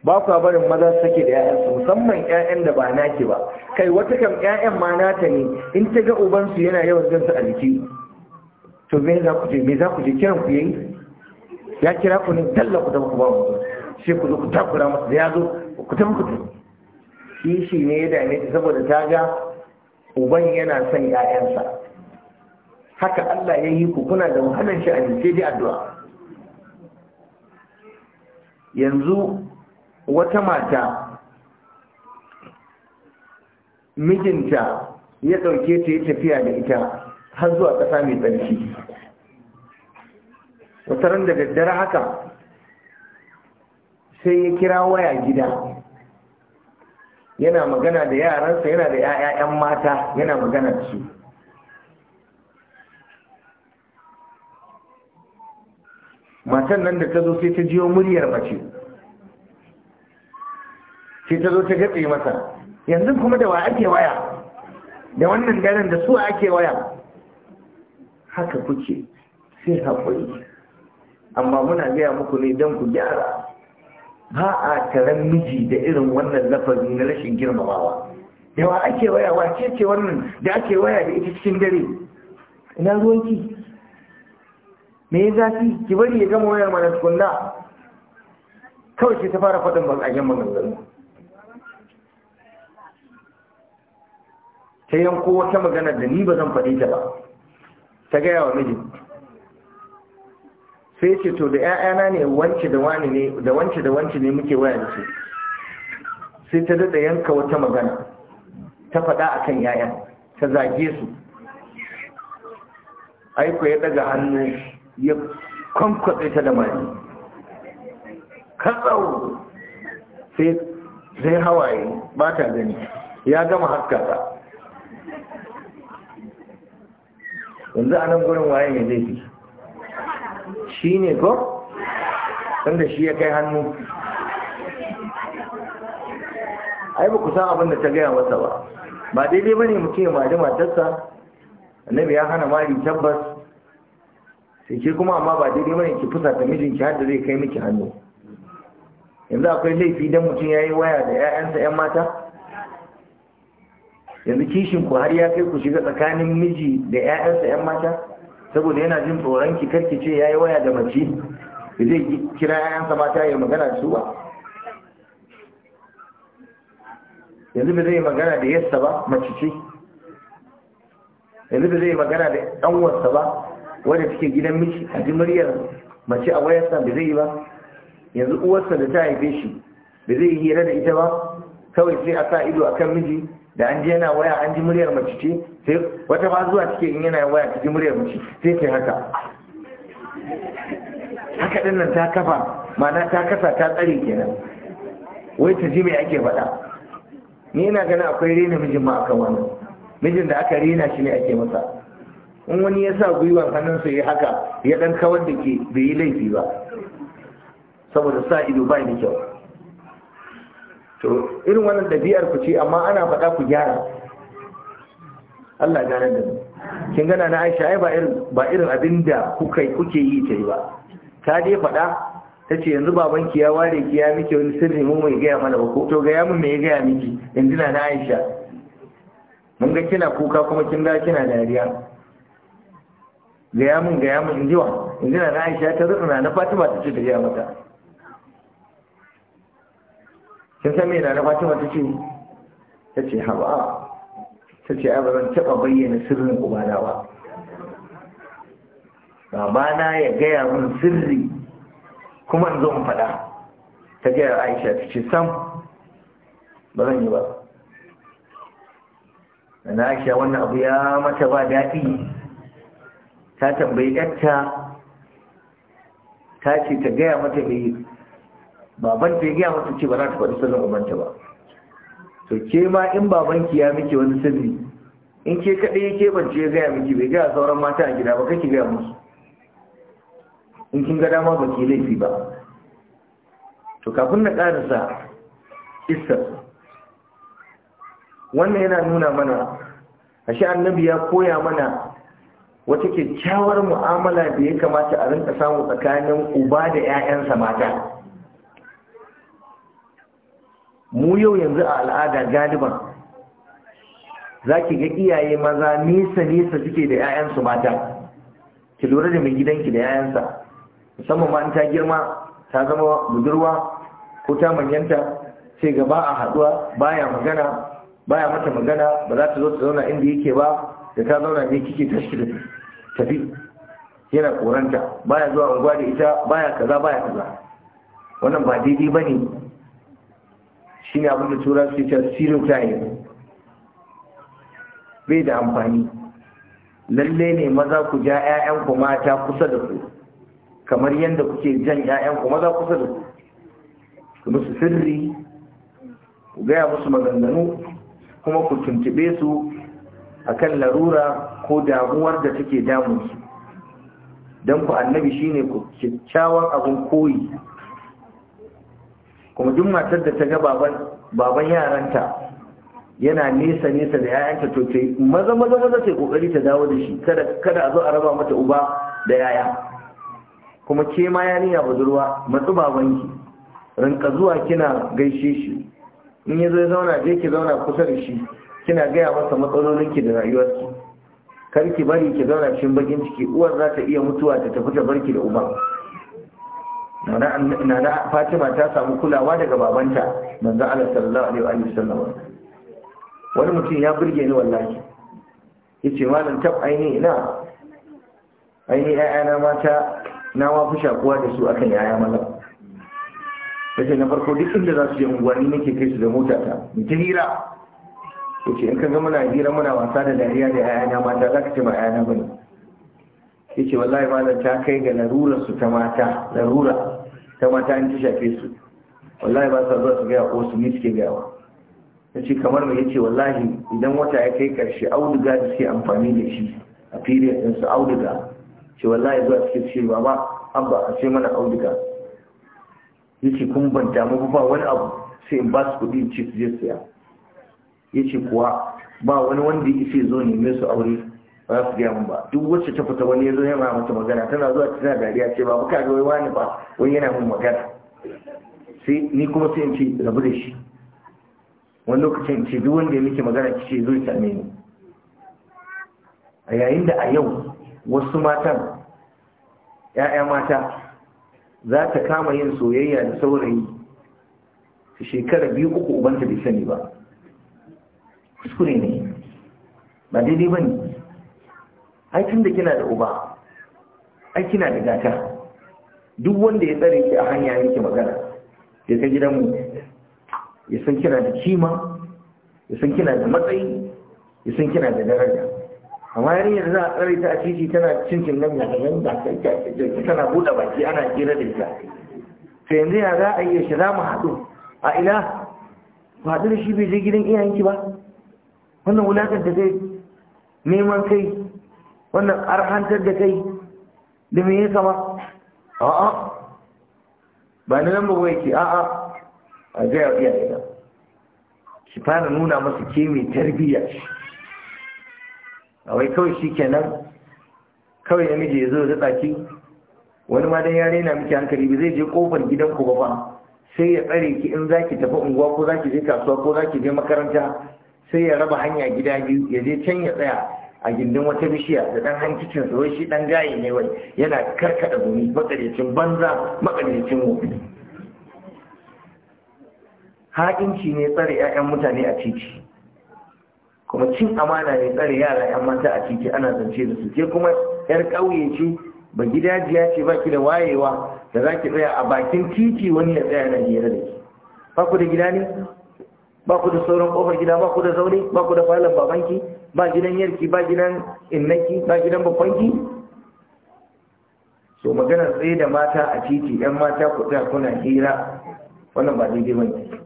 ba ku barin maza suke da yayansu musamman yayan da ba naki ba kai wata kam yayan ma nata ne in ta ga ubansu yana yawan jinsu a jiki to me za ku je me za ku je kiran ku yayi ya kira ku ne talla ku tafi ku ba mu sai ku zo ku takura masa da ya zo ku tafi ku shi shi ne ya dame ta saboda ta ga uban yana son 'ya'yansa. haka Allah ya yi ku kuna da wahalar sha'ani sai dai addu'a yanzu wata mata mijinta ya ɗauke ta yi tafiya da ita har zuwa ƙasa mai tsarki wataran da daddare haka sai ya kira waya gida yana magana da yaransa yana da 'ya'ya'yan mata yana magana da su matan nan da ta zo sai ta jiyo muryar mace sai ta zo ta gatsi masa yanzu kuma da wa ake waya da wannan daren da su ake waya haka kuke sai haƙuri amma muna gaya muku ne don ku gyara ba a taron miji da irin wannan lafazi na rashin girmamawa yawa ake waya wace ce wannan da ake waya da ita cikin dare ina ruwanki me ya zafi ki bari ya gama wayar mana tukunna kawai ce ta fara faɗin bakajen maganganu ta yanko wata maganar da ni ba zan faɗi ta ba ta gaya wa mijin sai ce to da ‘ya'yana ne wance da wance ne muke waya da su sai ta daɗa yanka wata magana ta faɗa a kan ‘ya'yan ta zage su aiko ya ɗaga hannu ya kwankwaɗe ta da mani katsau sai zai hawaye ba ta gani ya gama haskata yanzu a nan gurin waye zai fi. shi ne ko sanda shi ya kai hannu ai ba ku san abin da ta gaya masa ba ba daidai ba ne mutum ya matarsa annabi ya hana mari tabbas sai ke kuma amma ba daidai ba ne ki fusa ta mijinki har da zai kai miki hannu yanzu akwai laifi don mutum ya yi waya da 'ya'yansa 'yan mata yanzu kishin ku har ya kai ku shiga tsakanin miji da 'ya'yansa 'yan mata saboda yana jin tsoron ki karki ce yayi waya da mace zai kira yayansa mata ya magana da su ba yanzu ba zai magana da yassa ba mace ce yanzu ba zai magana da ɗanwarsa ba wanda take gidan miji a ji muryar mace a wayarsa ba zai yi ba yanzu uwarsa da ta haife shi ba zai yi hira da ita ba kawai sai a sa ido a kan miji da an je yana waya an ji muryar mace ce sai wata ba zuwa cike in yana waya ta ji muryar mace sai ta haka haka din nan ta kafa ma'ana ta kasa ta tsare kenan wai ta ji mai ake faɗa ni ina ganin akwai rena mijin ma akan wannan mijin da aka rena shi ne ake masa in wani ya sa gwiwan sa ya haka ya dan kawar da ke bai yi laifi ba saboda sa ido bai da kyau to irin wannan ɗabi'ar ku ce amma ana faɗa ku gyara Allah gane da mu kin gana na Aisha ai ba irin ba irin abinda kuka kuke yi ta yi ba ta dai faɗa ta ce yanzu babanki ya ware ki ya miki wani sirri mun mai gaya mana ko to ga ya mun me ya gaya miki yanzu na na Aisha mun ga kina kuka kuma kin ga kina dariya gaya mun gaya mun injiwa injina na Aisha ta rutsa na Fatima ta ce da ya mata kin san me na Fatima ta ce ta ce haba ta ce ai ba taba bayyana sirrin ubana ba babana ya gaya min sirri kuma in zo in faɗa ta gaya Aisha ta ce sam ba zan yi ba na Aisha wannan abu ya mata ba daɗi ta tambayi ɗanta ta ce ta gaya mata mai baban ta ya mata ce ba za ta faɗi sirrin ubanta ba to ke ma in babanki ya miki wani sirri in ke kaɗai ya kebance ya gaya miki bai gaya sauran mata a gida ba kake gaya musu in kin ga dama ba ke laifi ba to kafin na ƙarasa isa, wannan yana nuna mana a ashe annabi ya koya mana wata kyakkyawar mu'amala da ya kamata a rinka samu tsakanin uba da 'ya'yansa mata mu yau yanzu a al'ada galiban za ki ga iyaye maza nisa-nisa suke da 'ya'yansu mata ki lura da mai gidanki da 'ya'yansa musamman ma ta girma ta zama budurwa ko ta manyanta sai gaba a haɗuwa baya magana baya mata magana ba za ta zo ta zauna inda yake ba da ta zauna ne kike tashi da tafi yana koranta baya zuwa unguwa da ita baya kaza baya kaza wannan ba daidai bane shi ne da tura su ce serotype bai da amfani lalle ne maza ku ja 'ya'yanku mata kusa da ku kamar yadda kuke jan 'ya'yanku maza kusa da ku ku musu sirri ku gaya musu maganganu kuma ku tuntube su a kan larura ko damuwar da take damunsu don ku annabi shine ku kyakkyawan abin koyi kuma duk matar da ta ga baban yaranta yana nesa nesa da 'ya'yanta to ce maza maza maza sai kokari ta dawo da shi kada a zo a raba mata uba da yaya kuma ke ma yarinya budurwa matsu babanki rinka zuwa kina gaishe shi in ya zo zauna je ki zauna kusa da shi kina gaya masa matsalolinki da rayuwarki kar ki bari ki zauna cikin bakin ciki uwar za ta iya mutuwa ta tafi ta barki da uba na da fatima ta samu kulawa daga babanta za a sallallahu alaihi wa sallam wani mutum ya burge ni wallahi ce malin tab aini ina aini ayana mata na wafi shakuwa da su akan yaya mallam ce na farko duk inda za su yi unguwanni nake kai su da motata mu ta hira ce in ka ga na hira muna wasa da dariya da ayana mata za ka ce ma ayana bane ce wallahi malam ta kai ga larurar su ta mata larura ta mata an ta shafe su wallahi ba sa zuwa su gaya ko su ni suke gayawa yace kamar ya yace wallahi idan wata ya kai karshe auduga da suke amfani da shi a period din su auduga ce wallahi zuwa suke ce ba ba abba a ce mana auduga yace kun ban damu ba wani abu sai in ba su kuɗi ce su je siya yace kuwa ba wani wanda ya ce zo neme su aure ba su gaya mun ba duk wacce ta fita wani ya zo yana mata magana tana zuwa tana dariya ce ba buka ga wani ba wani yana mun magana sai ni kuma sai in ce rabu da shi wani lokacin in ce duk wanda ya miki magana ki ce zo ya same ni a yayin da a yau wasu matan ya'ya mata za ta kama yin soyayya da saurayi ta shekara biyu uku ubanta bai sani ba kuskure ne ba daidai ba ne ai da kina da uba ai kina da gata duk wanda ya tsare ki a hanya yake magana ya san gidan mu ya san kina da kima ya san kina da matsayi ya san kina da daraja amma yarinyar yanzu, za a tsare ta a titi tana cin nan ya gaban da kai tana buɗe baki ana kira da ita sai yanzu ya za a iya shi za mu haɗu a ina ba da shi bai je gidan iyayenki ba wannan wulakar da kai neman kai wannan arhantar da kai da mai yi sama a'a ba ni nan ba yake a'a a ga ya iya ina shi fara nuna masa ke mai tarbiyya a wai kawai shi kenan kawai namiji ya zo da tsaki. wani ma dan yare na miki hankali ba zai je kofar gidanku ba fa sai ya tsare ki in zaki tafi unguwa ko ki je kasuwa ko za ki je makaranta sai ya raba hanya gida biyu ya je can ya tsaya a gindin wata bishiya da ɗan hankicin su shi dan gayi ne wai yana karkada gumi makarecin banza makarecin wofi haƙinci ne tsare 'ya'yan mutane a titi kuma cin amana ne tsare yara 'yan mata a titi ana zance da su ke kuma 'yar ƙauye ce ba gidajiya ce ba ki da wayewa da za ki tsaya a bakin titi wani ya tsaya na hira da ki ba da gida ne ba ku da sauran ƙofar gida ba ku da zaune, ba ku da falon babanki ba gidan yarki ba gidan innaki ba gidan babbanki so magana tsaye da mata a titi yan mata ku tsaya kuna hira wannan ba daidai ba ne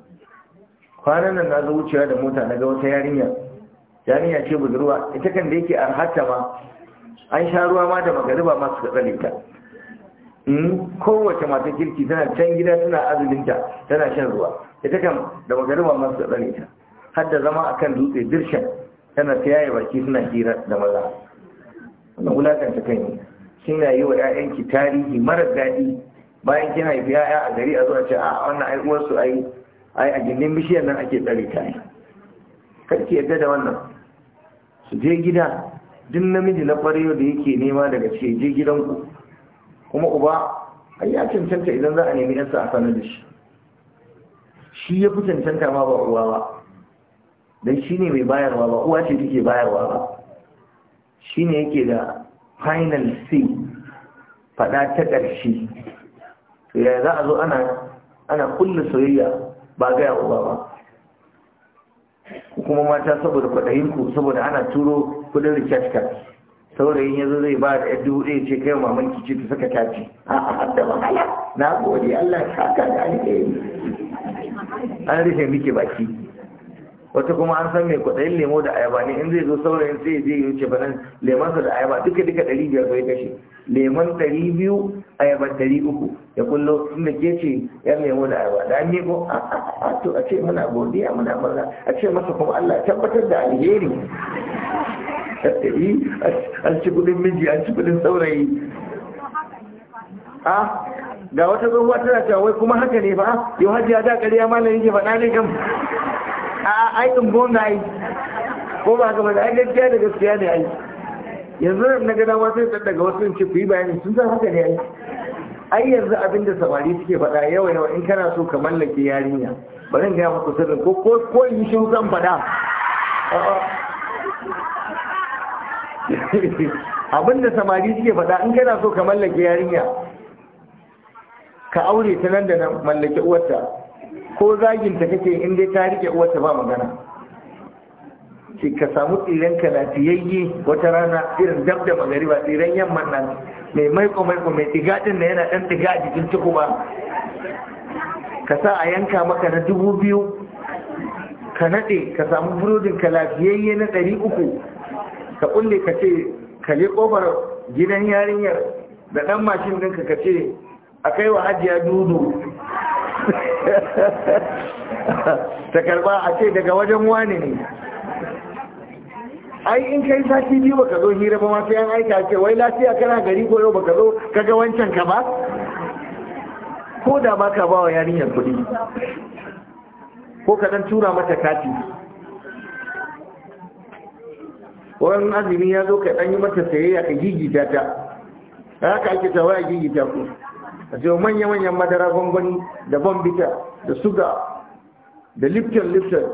kwanan nan na zo wucewa da mota na ga wata yarinya yarinya ce budurwa ita kan da yake arhatta ma an sha ruwa ma da magariba masu tsare ta kowace mata kirki tana can gida tana azuminta tana shan ruwa ita kan da magariba masu tsare ta har da zama kan dutse dirshan tana ta yaye baki suna hira da maza wannan wulakanta kan yi suna yi wa 'ya'yanki tarihi marar daɗi bayan kina haifi 'ya'ya a gari a zuwa ce a wannan a yi a yi a gindin bishiyar nan ake tsare ta Kar karki yadda da wannan su je gida duk namiji na kwarewa da yake nema daga cikin je ku. kuma uba ai ya cancanta idan za a nemi yansa a sanar da shi shi ya fi cancanta ma ba uwa ba don shi ne mai bayarwa ba uwa ce take bayarwa ba shi ne yake da final c fada ta ƙarshe to ya za a zo ana ana kulle soyayya ba gaya uba ba kuma mata saboda kwaɗayinku saboda ana turo kudin recharge card saurayin ya zo zai ba da dubu ɗaya ce kai maman kici ce ta saka taci a har da wahala na gode Allah ya saka da alheri an rufe miki baki wata kuma an san mai kwaɗayin lemo da ayaba ne in zai zo saurayin sai zai yi wuce banan lemansa da ayaba duka duka ɗari biyar zai kashe lemon ɗari biyu ayaba ɗari uku ya kullo inda ke ce yan lemo da ayaba da an ko a to a ce muna godiya muna murna a ce masa kuma Allah tabbatar da alheri an ci kudin miji an ci kudin saurayi a ga wata zuwa tana cewa wai kuma haka ne ba yau hajiya da ƙarya malamin ke faɗa ne kam a aikin gona ai ko ba haka ba ai gaskiya da gaskiya ne ai yanzu na gada wasu ya daga wasu ce ku yi bayani sun san haka ne ai ai yanzu abinda samari suke faɗa yawa yawa in kana so ka mallake yarinya Ba zan gaya maka sirrin ko ko ko yi shi zan faɗa <laughs> abinda samari suke faɗa in kana so ka mallake yarinya ka aure ta nan da nan mallake uwarta ko zaginta kake in dai ta rike uwarta ba magana Ki ka samu tsiren ka tiyayye wata rana irin dab da magariba tsiren yamman nan mai maiko maiko mai tigadin da yana ɗan tiga a jikin ciku ba ka sa a yanka maka na dubu biyu ka naɗe ka samu burodin ka lafiyayye na ɗari uku ka kulle ka ce ka je kofar gidan yarinyar da dan mashin ɗinka ka ce a kai wa hajiya dudu ta karba a ce daga wajen wani ne ai in kai sati biyu baka zo hira ba ma yan aika ce wai lafiya kana gari ko yau baka zo kaga wancan ka ba ko da baka ba wa yarinyar kuɗi ko ka dan tura mata kati wurin azumi ya zo ka ɗan yi mata sayayya ka gigita ta haka ake tawa gigita ku a ce manya-manyan madara gwangwani da bambita da suga da lipton-lipton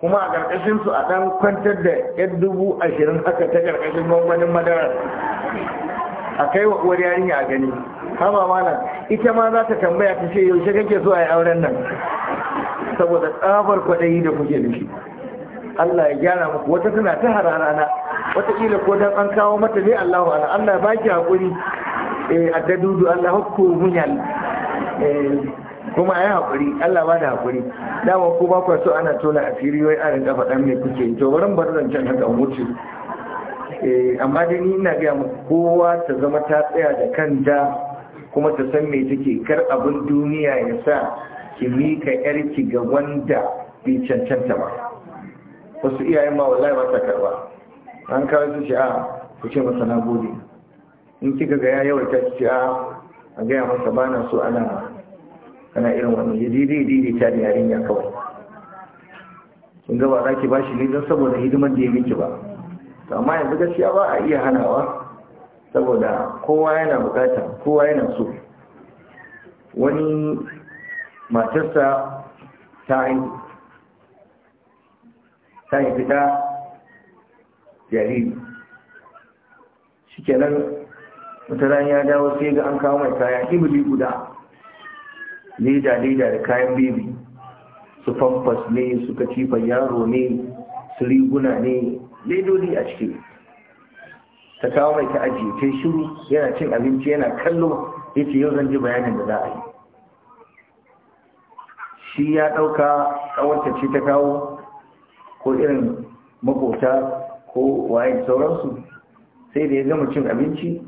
kuma a ƙarƙashin su a ɗan kwantar da yan dubu ashirin haka ta ƙarƙashin gwangwanin madara a kai wa uwar yarinya a gani hama mana ita ma za ta tambaya ta ce yaushe kake so a yi auren nan saboda tsabar kwaɗayi da kuke da shi Allah ya gyara muku wata tana ta hararana wataƙila ko dan an kawo mata ne Allahu ala Allah ba ki hakuri! eh addadudu Allah hukku munyal eh, kuma ai hakuri. Allah ba da hakuri. dama ko ba ku so ana tona asiri wai a rinka faɗan me kuke to wurin bar can haka mutu. eh amma dai ni ina ga muku kowa ta zama ta tsaya da kanta kuma ta san me take kar abin duniya ya sa ki mika yarki ga wanda bai cancanta ba wasu iyayen ma wallahi ba ta karba an kawo su ce a ku ce masa na gode in kika ga ya yawaita ki ce a a gaya masa ba na so ana kana irin wannan ya daidai daidai ta da yarinya kawai kun ga ba za ki bashi ne don saboda hidimar da ya miki ba to amma yanzu gaskiya ba a iya hanawa saboda kowa yana bukata kowa yana so wani matarsa ta sai fita jariri kenan mutaran ya dawo sai ga an kawo mai kaya ibili guda leda leda da kayan bibi su famfas ne su kacifa yaro ne su riguna ne ledodi a ciki ta kawo mai ta ajiye ta shiru yana cin abinci yana kallo ya ce yau zan ji bayanin da za a yi shi ya ɗauka ƙawarta ce ta kawo ko irin makota ko waye sauransu sai da ya gama cin abinci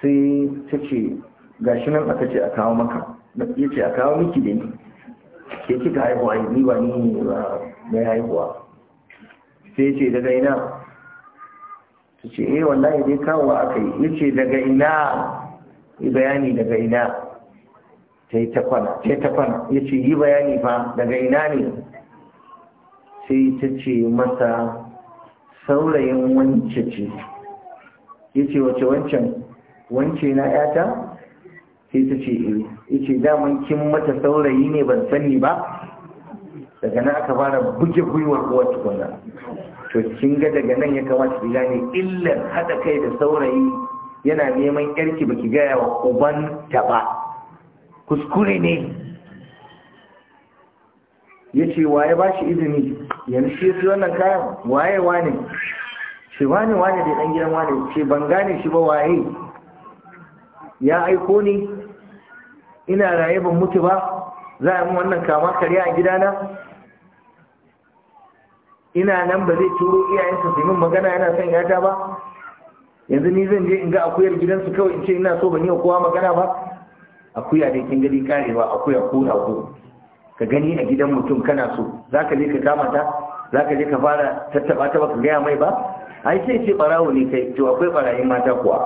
sai ta ce gashi nan aka ce a kawo maka ya ce a kawo miki da ni ke kika haihuwa yi ba ni ba mai haihuwa sai ce daga ina ta ce eh wallahi dai kawo aka yi ya ce daga ina yi bayani daga ina ta yi ta kwana ya ce yi bayani fa daga ina ne sai ta ce masa saurayin wance ce ya ce wace wancan wance na yata sai ta ce eh. ya ce daman kin mata saurayi ne ban sani ba daga nan aka fara buge gwiwar uwar tukuna to kin ga daga nan ya kamata ki gane illar haɗa kai da saurayi yana neman yarki baki gaya wa uban ta ba kuskure ne ya ce wa ya ba shi izini yanzu shi su wannan kayan waye wane shi wane wane da ɗan gidan wane ce ban gane shi ba waye ya aiko ni ina raye ban mutu ba za a yi wannan kama karya a gidana ina nan ba zai turo iyayensa su min magana yana son yata ba yanzu ni zan je in ga akuyar gidansu kawai in ce ina so ban yi kowa magana ba akuya dai kin gadi karewa akuya ko ko ka gani a gidan mutum kana so za ka je ka kama ta za ka je ka fara tattaba ta baka gaya mai ba ai sai ce barawo ne kai to akwai barayin mata kuwa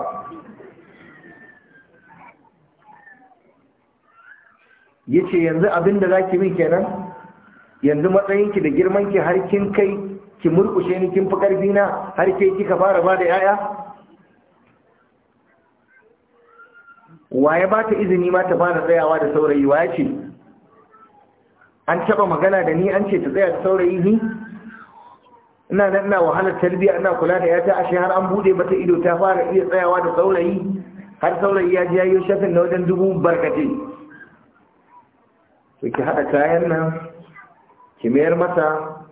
ya ce yanzu abin da za ki min kenan yanzu matsayinki da girmanki har kin kai ki murkushe ni kin fi ƙarfi na har kai kika fara ba da 'ya'ya waye ba ta izini ma ta fara tsayawa da saurayi waye ce an taba magana da ni an ce ta tsaya da saurayi ni ina nan ina wahalar tarbiyya ina kula da yata ashe har an bude mata ido ta fara iya tsayawa da saurayi har saurayi ya ji yayo shafin na wajen dubu barkate. to ki hada kayan nan ki mayar masa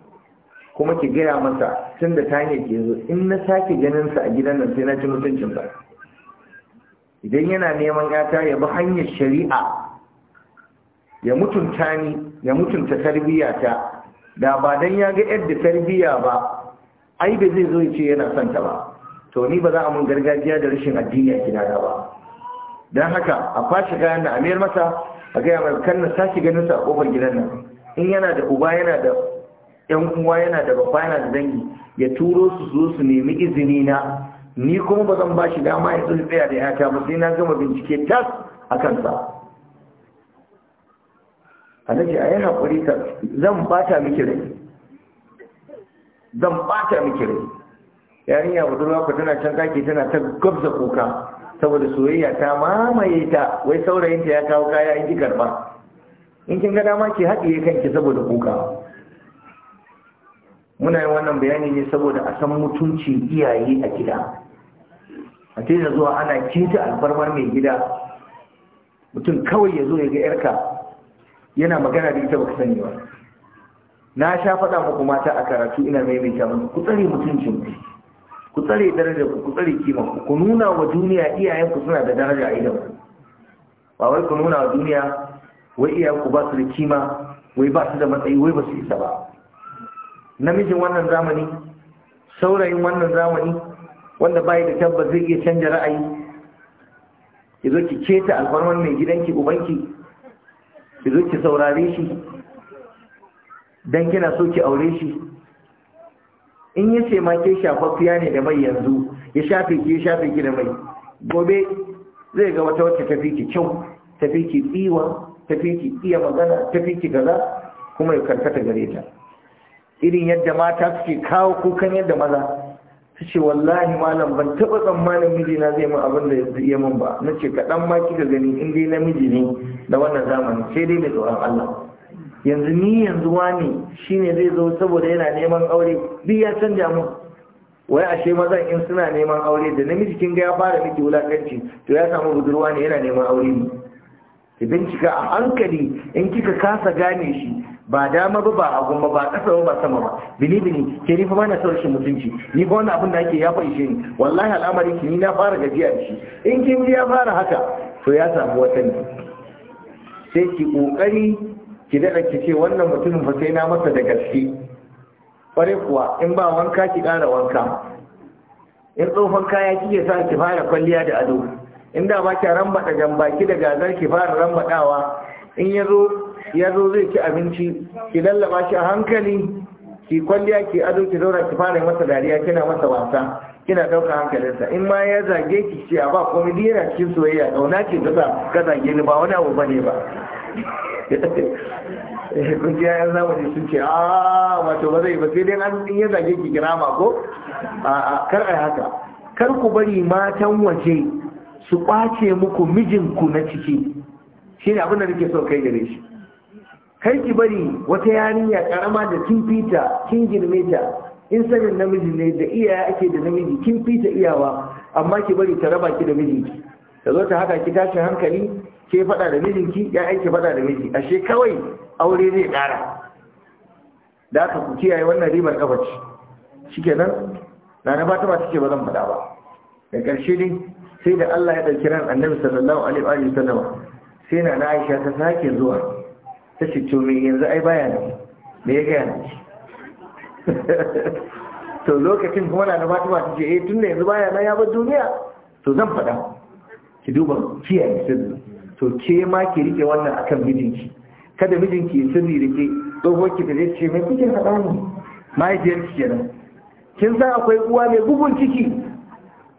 kuma ki gaya masa tun da ta hanyar ke zo in na sake ganin sa a gidan nan sai na ci mutuncin ba idan yana neman 'yata, ya bi hanyar shari'a ya mutunta ni ya mutunta tarbiyyata da ba dan ya ga yadda tarbiyya ba ai ba zai zo ya ce yana son ta ba to ni ba za a mun gargajiya da rashin addini a gidana ba dan haka a kwashe kayan da amir masa a gaya mai kan na ganin sa a kofar gidan nan in yana da uba yana da yan uwa yana da babba yana da dangi ya turo su zo su nemi izini na ni kuma ba zan ba shi dama ya tsaye tsaya da yata ba sai na gama bincike tas a kansa A ayi hakuri ka zan bata miki rai zan bata miki rai yarinya budurwa ku tana can kake tana ta gabza kuka saboda soyayya ta mamaye ta wai saurayinta ya kawo kaya in ki karba in kin ga dama ki haɗiye kanki saboda kuka muna yin wannan bayani ne saboda a san mutunci iyaye a gida a daina zuwa ana keta alfarmar mai gida mutum kawai ya zo ya ga yarka yana magana da ita baka sani ba na sha faɗa muku mata a karatu ina maimaita muku ku tsare mutuncin ku ku tsare daraja ku ku tsare kima ku ku nuna wa duniya iyayen ku suna da daraja a idan ba wai ku nuna wa duniya wai iyayen ku ba su da kima wai ba su da matsayi wai ba su isa ba namijin wannan zamani saurayin wannan zamani wanda bai da tabbas zai iya canja ra'ayi ya zo ki keta alfarman mai gidanki ubanki ki zo ki saurare shi dan kina so ki aure shi in ya ce ma ke shafaffiya ne da mai yanzu ya shafe ki ya shafe ki da mai gobe zai ga wata wacce tafi ki kyau tafi ki tsiwa tafi ki iya magana tafi ki gaza, kuma ya karkata gare ta irin yadda mata suke kawo kukan yadda maza ta ce wallahi malam ban taɓa tsammanin mijina zai mun abin da yanzu iya min ba na ce kaɗan ma kika gani in dai namiji ne da wannan zamani sai dai da tsoron Allah yanzu ni yanzu wani shine zai zo saboda yana neman aure duk ya canja mu wai ashe mazan in suna neman aure da namiji kin ga ya fara miki wulakanci to ya samu budurwa ne yana neman aure ne ki bincika a hankali in kika kasa gane shi ba dama ba ba hagun ba ba kasa ba sama ba believe ni ke ni fa mana sauraron mutunci ni ba wannan abin da ake ya faishe ni wallahi al'amari ki ni na fara gajiya da shi in kin ya fara haka to ya samu wata sai ki kokari ki dada ki ce wannan mutumin fa sai na masa da gaske kware kuwa in ba wanka ki kara wanka in tsohon kaya kike sa ki fara kwalliya da ado in da ba ki ramba jan baki da gazar ki fara rambadawa in ya zo ya zo zai ci abinci ki lallaba shi a hankali ki kwalliya ki ado ki zaura ki fara masa dariya kina masa wasa kina dauka hankalinsa in ma ya zage ki ce a ba komai duk yana cikin soyayya kauna ce ta ka zage ni ba wani abu bane ba <laughs> kun ji yayan zamani sun ce a wato ba zai ba sai dai an ya zage ki kirama ko a kar ai haka kar ku bari matan waje su kwace muku mijinku na ciki shine abin da nake so kai gare shi kai ki bari wata yarinya karama da kin fita kin girme ta in sanin namiji ne da iyaye ake da namiji kin fita iyawa amma ki bari ta raba ki da mijinki ta zo ta haka ki tashi hankali ke faɗa da mijinki ya aiki faɗa da miji ashe kawai aure zai kara da aka ku kiyaye wannan ribar kafa ce shikenan na na ta ba take ba zan faɗa ba da ƙarshe ne sai da Allah ya ɗauki ran annabi sallallahu alaihi wa sallama sai na na Aisha ta sake zuwa ta ce to mai yanzu ai baya nan me ya gaya na <laughs> to lokacin kuma na fatima ta ce eh tun da yanzu baya nan ya bar duniya to zan faɗa ki duba kiyaye sirri to ke ma ki rike wannan akan mijinki kada mijinki ya sirri da ke tsohon ki da zai ce mai kuke faɗa ne mahaifiyar ki kenan kin san akwai uwa mai bugun ciki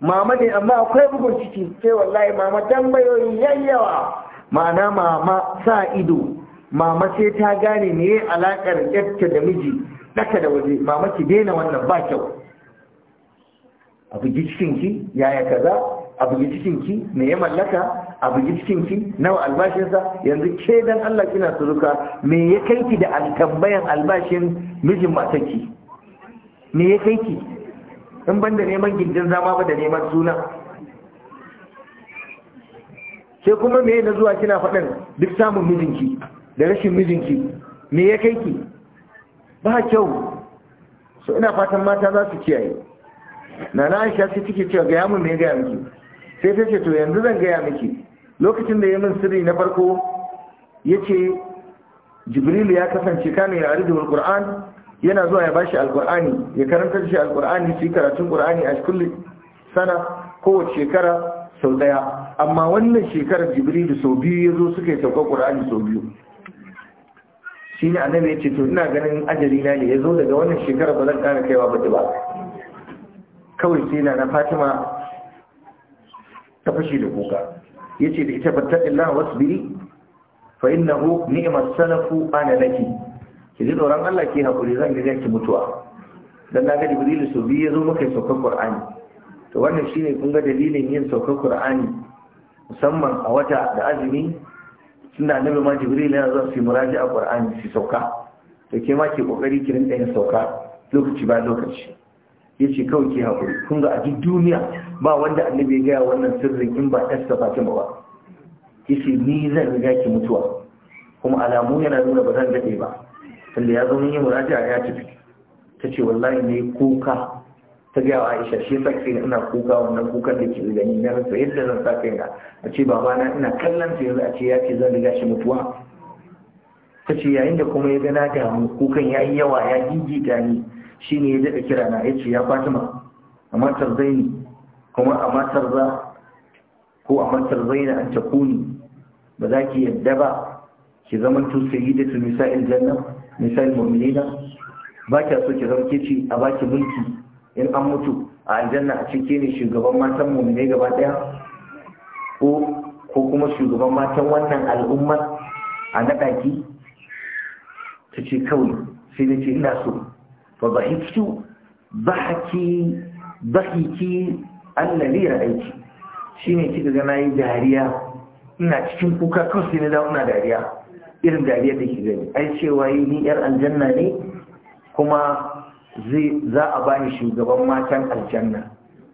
mama ne amma akwai bugun ciki sai wallahi mama tambayoyi yayyawa ma'ana mama sa ido mama sai ta gane me alakar yadda da miji daka da waje mama ki daina wannan ba kyau a bugi cikinki yaya kaza a bugi cikinki me ya mallaka a bugi cikinki nawa albashinsa yanzu ke dan Allah kina suruka me ya kai ki da alkambayan albashin mijin ki? me ya kai ki in banda neman gindin zama ba da neman suna sai kuma me na zuwa kina faɗin duk samun mijinki da rashin mijinki me ya kai ki ba kyau so ina fatan mata za su kiyaye na na aisha sai take cewa gaya mun me gaya miki sai ta ce to yanzu zan gaya miki lokacin da ya min sirri na farko yace ce jibrilu ya kasance kana ya aridu alquran yana zuwa ya bashi alqurani ya karanta shi alqurani shi karatun qurani a kullu sana kowace shekara sau daya amma wannan shekarar jibril sau biyu ya zo suka yi sauka qurani sau biyu shi ne annabi ya ce to ina ganin ajali na ne ya zo daga wannan shekara ba zan ƙara kaiwa ba ba kawai sai na na fatima ta fashe da kuka ya ce da ita fattaɗin wasu wasbiri fa innahu hu salafu ana laki ki ji tsoron allah ke hakuri zan ga ki mutuwa don na ga jibrilu su biyu ya zo muka yi saukar qur'ani to wannan shine kun ga dalilin yin saukar qur'ani musamman a wata da azumi tunda annabi ma jibril yana zuwa su muraji a qur'ani su sauka to ke ma ke kokari ki da ya sauka lokaci ba lokaci yace kawai ke hakuri kun ga a duk duniya ba wanda annabi ya gaya wannan sirrin in ba ɗansa ta ba yace ni zan riga ki mutuwa kuma alamu yana nuna ba zan daɗe ba tunda ya zo mun yi a ya tafi ce wallahi ne kuka ta gaya wa aisha shi yasa ke ina kuka wannan kukan da ke gani na rasa yadda zan sa ga a ce baba na ina kallon ta yanzu a ce ya ce zan riga shi mutuwa ta ce yayin da kuma ya gana mu kukan ya yi yawa ya da ni ne ya daɗa kira na ya ce ya fatima a matar zaini kuma a matar za ko a matar zaini an ta kuni ba za ki yadda ba ki zaman tu sayyidatul nisa'il janna misa'il mu'minina ba kya so ki zama ke ce a baki mulki in an mutu a aljanna a cike ne shugaban matan mu ne gaba daya ko ko kuma shugaban matan wannan al'umma a nadaki ta ce kawai sai da ce ina so fa ba hikitu ba haki ba hiki ya aiki shi ne kika gana yi dariya ina cikin kuka kawai sai na dawo ina dariya irin dariya da ke gani ai cewa yi ni yar aljanna ne kuma za a bani shugaban matan aljanna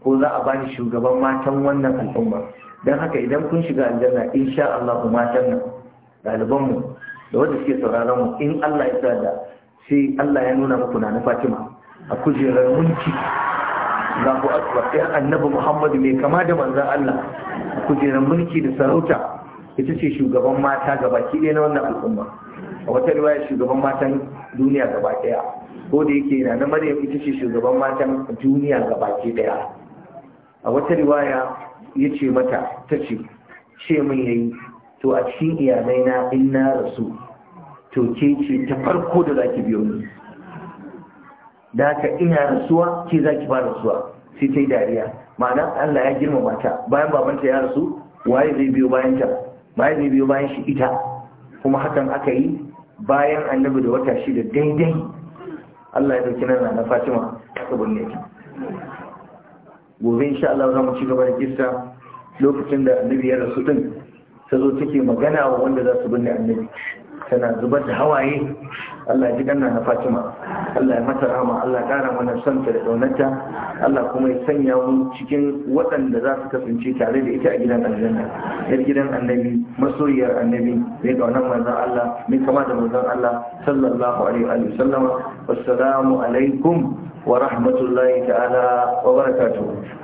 ko za a bani shugaban matan wannan al'umma don haka idan kun shiga aljanna insha Allah matan nan ɗalibanmu da wanda suke sauraron mu in Allah ya da sai Allah ya nuna muku na Fatima a kujerar mulki ku akbar ya annabi Muhammadu mai kama da manzon Allah a kujerar mulki da sarauta ita ce shugaban mata gabaki ɗaya na wannan al'umma a wata riwaya shugaban matan duniya gaba daya ko da yake na na maryam ita ce shugaban matan duniya gaba daya a wata riwaya ya ce mata ta ce ce min yayi to a cikin iyalai na in na rasu to ke ce ta farko da zaki biyo ni da ka ina rasuwa ke zaki ba rasuwa sai ta yi dariya ma'ana Allah ya girmama ta bayan babanta ya rasu waye zai biyo bayan ta waye zai biyo bayan shi ita kuma hakan aka yi bayan annabi da wata shi da daidai Allah ya dauki nan na Fatima ta binne ta gobe insha Allah za mu ci gaba da kissa lokacin da annabi ya rasu din ta zo take magana wa wanda za su binne annabi tana zubar da hawaye Allah ya ji ganna na Fatima Allah ya mata rahama Allah kara mana santa da daunarta Allah kuma ya sanya mu cikin waɗanda za su kasance tare da ita a gidan aljanna yar gidan annabi masoyiyar annabi mai kaunar manzon Allah mai kama da manzon Allah sallallahu alaihi wa sallama wassalamu alaikum wa rahmatullahi ta'ala wa barakatuh